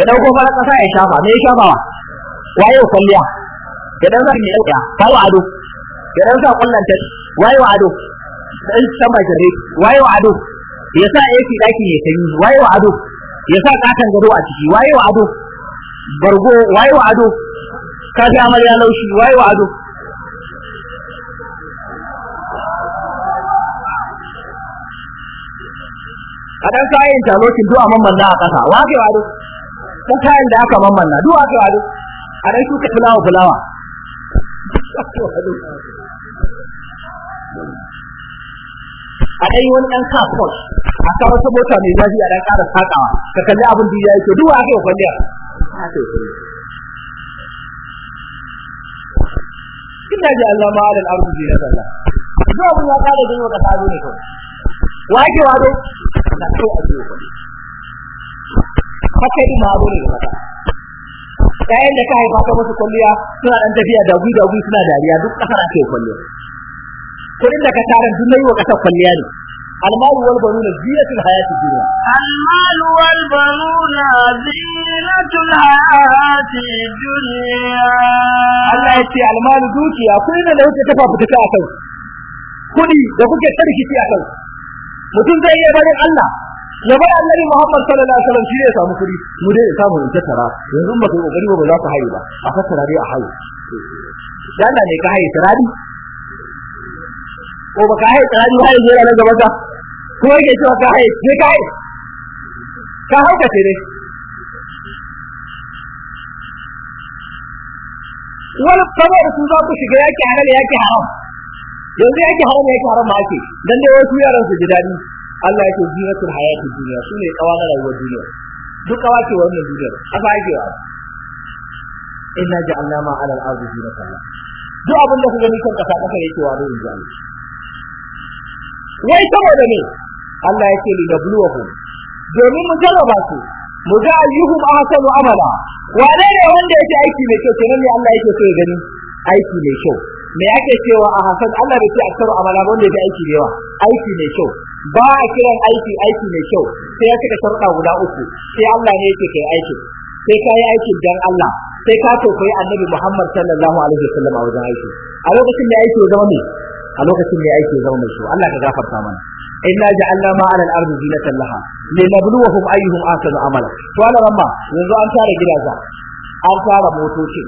dan ko fara kasa ya shafa me ya shafa waye wa kwalliya ke dan sa ne ya ta wa ado ke dan sa kwallon ta waye wa ado dan san gare waye wa ado ya sa AC daki ne sanyi waye wa ado ya sa katan gado a ciki waye wa ado bargo waye wa Ka kaji amarya laushi waye wa ado a dan kayan talokin du'a mamman a kasa wa kai wado ta kayan da aka mamman na du'a kai wado a dan shuka fulawa fulawa a yi wani dan kafon a kawo wata mota mai zafi a dan ƙara sakawa ka kalli abin da ya yi to du'a kai kwalliya inda ji Allah ma alal ardi bi nazala to abun ya ƙara jin wata sabo ne kawai wa ke wado da so a ce haka yi ma abu da mata ƴaƴan da ka haifa ka musu kwalliya suna dan tafiya da gwi da gwi suna dariya duk ƙasar ake kwalliya kuɗin da ka tarin duk nayi wa ƙasar kwalliya ne المال والبنون زينة الحياة الدنيا المال والبنون زينة الحياة الدنيا الله يتي المال دوكي أقول إن لو تتفى بتكاة كوني لو كنت تركي تكاة mutum zai iya barin Allah ya bar annabi Muhammad sallallahu alaihi wasallam shi ne ya samu kudi mu dai samu in tattara yanzu ba kai kokari ba za ka haihu ba a tattara dai a haihu. Yana ne ka haye tsirani ko ba ka haye tsirani ba haye jira nan gaban ka ko yake cewa ka haye ne ka haye ka hauka ce dai wani kamar su za ku shiga yaki halal yaki haram yanzu yake hawa ne yake haram ake dan dai wasu yaran su ji dadi Allah yake zinatul hayatul dunya su ne kawa na rayuwar duniya duk kawa ce wannan duniyar haka yake wa inna ja'alna ma 'ala al-ardi zinatan duk abin da kuka gani kan kasa kasa yake wa ruwan jami wai saboda ne Allah yake li nabluwahu domin mu jarraba su mu ga ayyuhum ahsanu amala wane ne wanda yake aiki mai kyau kenan ne Allah yake so ya gani aiki mai kyau me ake cewa a hasan Allah bai ce aktaru amala ba wanda ya aiki da yawa aiki mai kyau ba a kiran aiki aiki mai kyau sai ya cika sharuɗa guda uku sai Allah ne yake kai aiki sai ka yi aiki dan Allah sai ka koyi annabi Muhammad sallallahu alaihi wasallam a wajen aiki a lokacin da aiki zama ne a lokacin da aiki zama mai kyau Allah ka gafarta mana inna ja'alna ma 'ala al-ardi zinatan laha linabluwahum ayyuhum ahsanu amala to Allah ramma yanzu an tare gidaza an fara motoci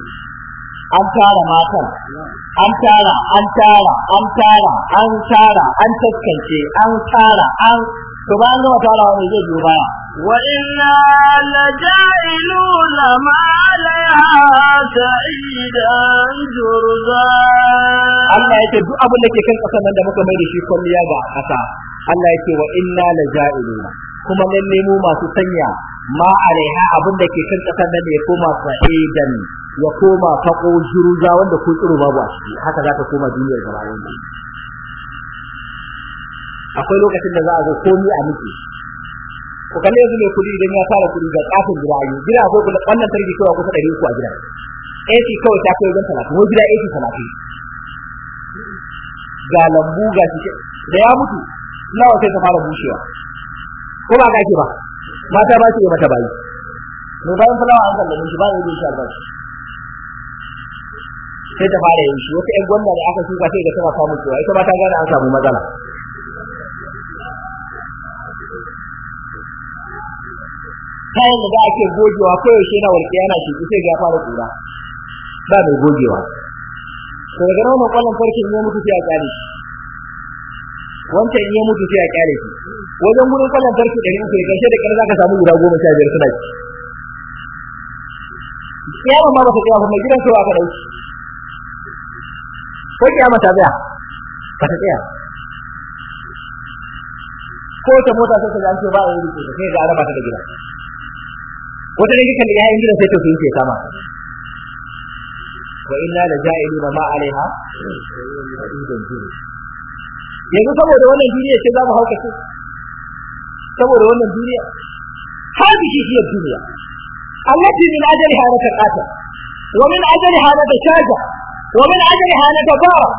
an tara matan an tara an tara an tara an tara an taskance an tara an to ba an gama tara wani zai biyo baya wa inna laja'iluna ma alaiha sa'idan jurza Allah yake duk abin da ke kan kasan nan da muka mai da shi kwalliya ga kasa Allah yake wa inna laja'iluna kuma lalle mu masu sanya ma alaiha abin da ke kan kasan nan ne koma sa'idan ya koma fako jiruja wanda ko tsiro babu a ciki haka zaka koma duniyar gaba ɗaya akwai lokacin da za a zo komi a miki Ko kalle yanzu mai kudi idan ya fara kudi da kafin gida yi gida ko kuma wannan tarihi kawai kusa ɗari uku a gida AC kawai ta kai wajen talatin ko gida AC talatin ga lambu ga cikin da ya mutu nawa sai ta fara bushewa ko ba ka ke ba mata ba ce mata bayi mai bayan fulawa an zalla shi ba ya yi shi albashi sai ta fara yin shi wata gwanda da aka shuka sai ga tana samu cewa ita ba ta gane an samu matsala kayan da ake a ko yaushe na warke yana shi sai ya fara kura ba mai gogewa to daga nan kwallon farkin ya mutu sai a kyale shi wancan ya mutu sai a kyale shi wajen gurin kallon farkin ɗari uku ne karshe da ƙar za ka samu guda goma sha biyar suna ci kiyama ma ba ta kiyama mai gidan sau aka ɗauki ko kiyama ta tsaya ba ta tsaya ko ta mota sai ta ga an ce ba a yi rike sai ga araba ta da gida wata ne kika ya gida sai ta su yake sama wa inna la ja'iluna ma alaiha yanzu saboda wannan duniya ce za mu haukace saboda wannan duniya hadihi hiya duniya allati min ajliha rakata wa min ajliha rakata ومن أجلها نتفاوت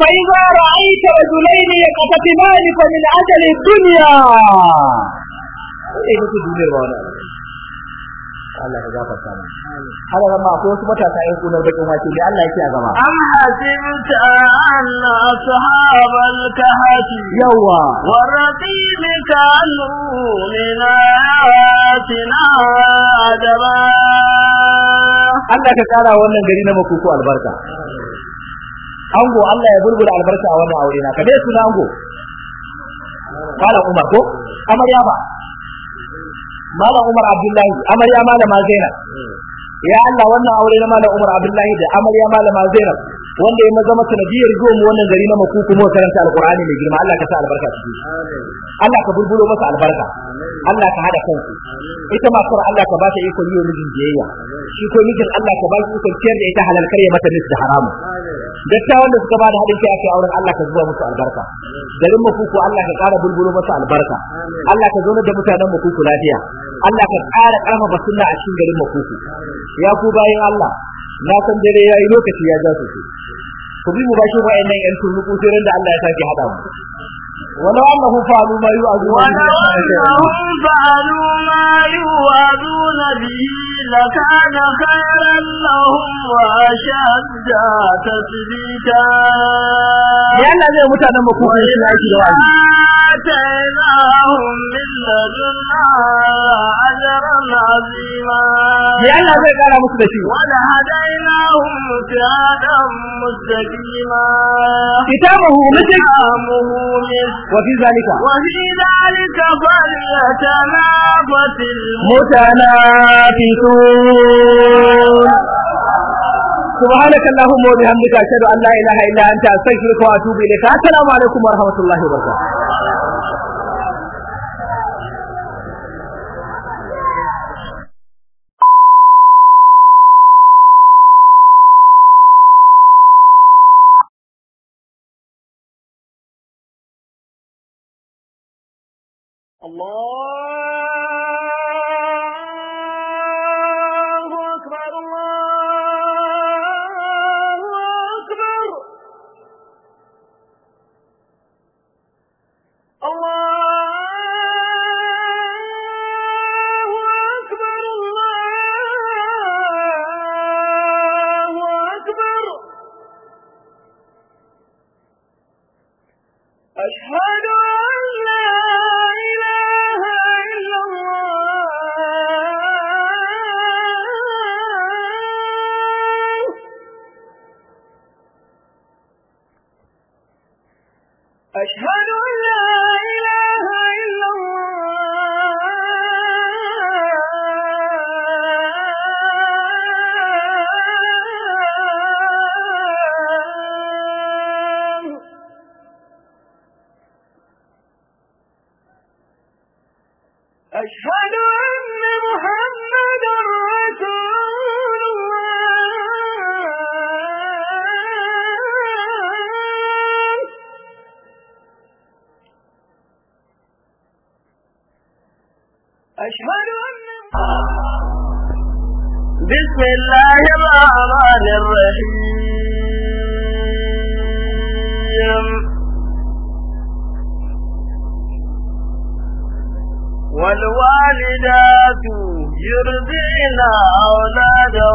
فإذا رأيت رجلين يقتتمان فمن أجل الدنيا إيه في الدنيا وانا Allah ya gafarta mu Allah zama akwai wasu matasa ƴan kunar bakin wake da Allah yake a gaba am hasibta anna ashabal kahfi yawa waradin kanu min ayatina adaba Allah ka kara wannan gari na makuku albarka ango Allah ya bulbula albarka a wannan aure na ka dai suna ango Malam Umar ko amarya ba Malam Umar Abdullahi amarya malama Zainab ya Allah wannan aure na Malam Umar Abdullahi da amarya malama Zainab wanda ya zama sanadiyar zuwa mu wannan gari na maku kuma karanta alqur'ani mai girma Allah ka sa albarka cikin shi Allah ka bulbulo masa albarka Allah ka hada kansu ita ma kar Allah ka ba ta iko yiwo mijin biyayya shi ko mijin Allah ka ba shi iko ciyar da ita halal kare mata nis da haramu dattawan da suka ba da hadin kai akai auren Allah ka zuwa musu albarka garin maku Allah ka kara bulbulo masa albarka Allah ka zauna da mutanen maku lafiya Allah ka kara karfafa sunna a cikin garin maku ya ku bayan Allah na san dare yayi lokaci ya ja sosai ku bi mu bashi wa'annan yan turnuku sai da Allah ya sake hada mu ولو أنهم فعلوا ma يوعدون ولو a' فعلوا ma يوعدون به لكان خيرا لهم وأشد تثبيتا لأن هذه متعنى مكوحة آتيناهم من لدنا أجرا عظيما لأن هذه قال مكتشي ولهديناهم سرادا مستقيما كتابه مثل وفي ذلك وفي ذلك mutanafisun subhanak allahumma wa bihamdika ashhadu an la ilaha illa anta astaghfiruka wa atubu ilayk assalamu alaikum wa rahmatullahi wa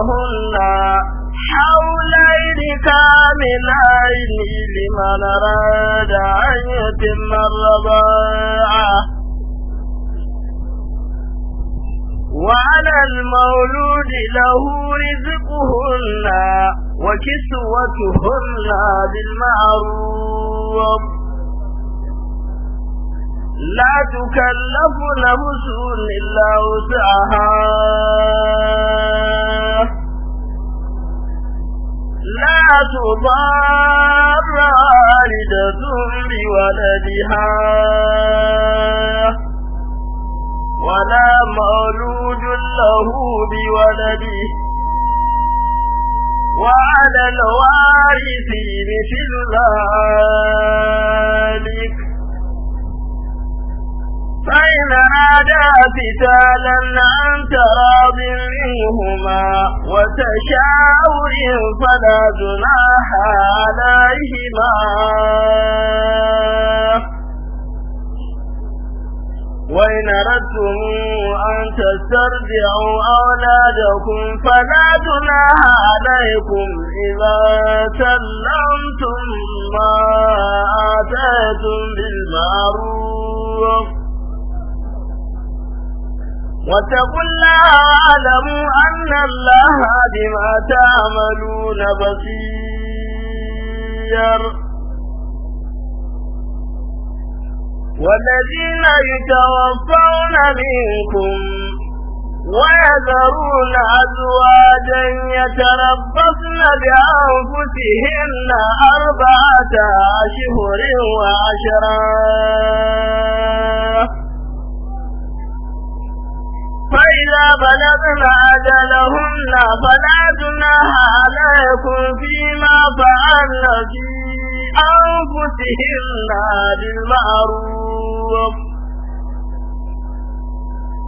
لهن حولين كاملين لمن راد أن يتم الرضاعة وعلى المولود له رزقهن وكسوتهن بالمعروف لا تكلف نفس إلا وسعها لا تضار والدة بولدها ولا مولود له بولده وعلى الوارث مثل ذلك فإن نادى قتالا عن تراض منهما وتشاور فلا جناح عليهما وإن أردتم أن تسترجعوا أولادكم فلا جناح عليكم إذا سلمتم ما آتيتم بالمعروف وتقول لا أعلم أن الله بما تعملون بصير والذين يتوفون منكم ويذرون أزواجا يتربصن بأنفسهن أربعة أشهر وعشرا فإذا بلغنا أجلهن فلا جناح عليكم فيما فعلن في أنفسهن بالمعروف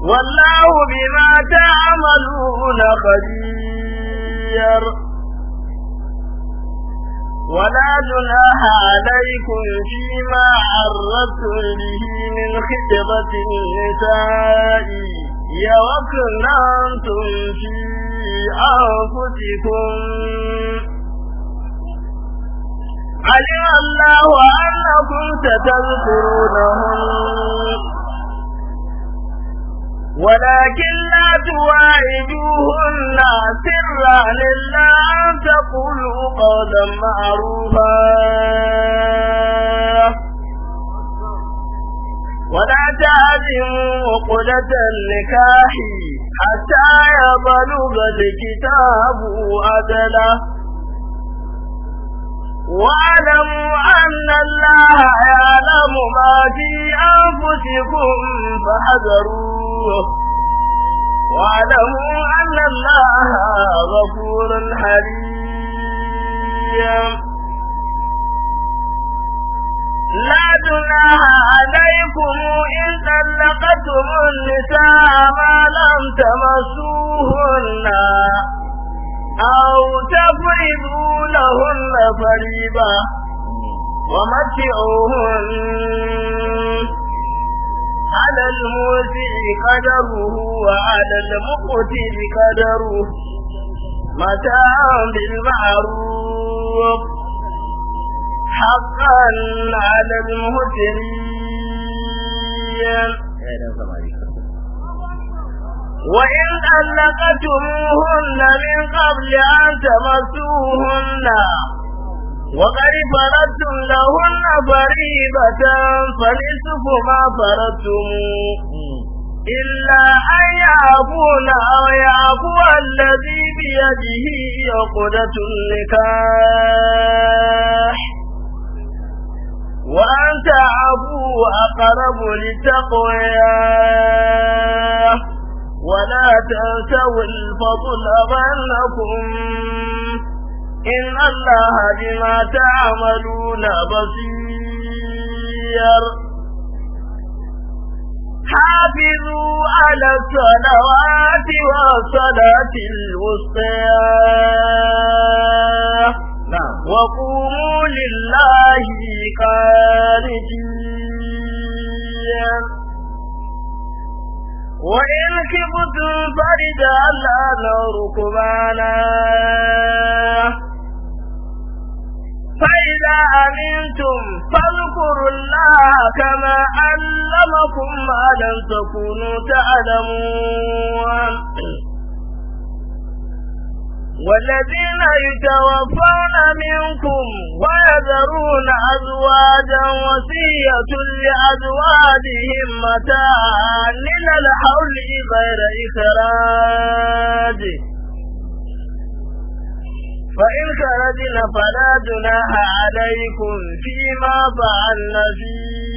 والله بما تعملون خبير ولا جناح عليكم فيما عرضتم به من خطبة النساء يا وكنتم في أنفسكم علم الله أنكم ستذكرونهم ولكن لا تواعدوهن سرا إلا أن تقولوا قولا معروفا مهلة النكاح حتى يبلغ الكتاب أدله واعلموا أن الله يعلم ما في أنفسكم فاحذروه واعلموا أن الله غفور حليم لا جناح عليكم إن تلقتم النساء ما لم تمسوهن أو تفرضوا لهن فريضة ومتعوهن على الموسع قدره وعلى المقتل قدره متاعا بالمعروف حقا على المهتدين وإن ألقتموهن من قبل أن تمسوهن وقد فرضتم لهن فريضة فنصف ما فرضتم إلا أن يعفون أو يعفو الذي بيده عقدة النكاح وأن تعفوا أقرب للتقوى ولا تنسوا الفضل بينكم إن الله بما تعملون بصير حافظوا على الصلوات والصلاة الوسطى نعم. وقوموا لله قانتين وإن كبتم فرجال أنه ركبانا فإذا أمنتم فاذكروا الله كما علمكم ما لم تكونوا تعلمون والذين يتوفون منكم ويذرون أزواجا وصية لأزواجهم متاعا إلى الحول غير إخراج فإن خرجنا فلا جناح عليكم فيما فعلنا فيه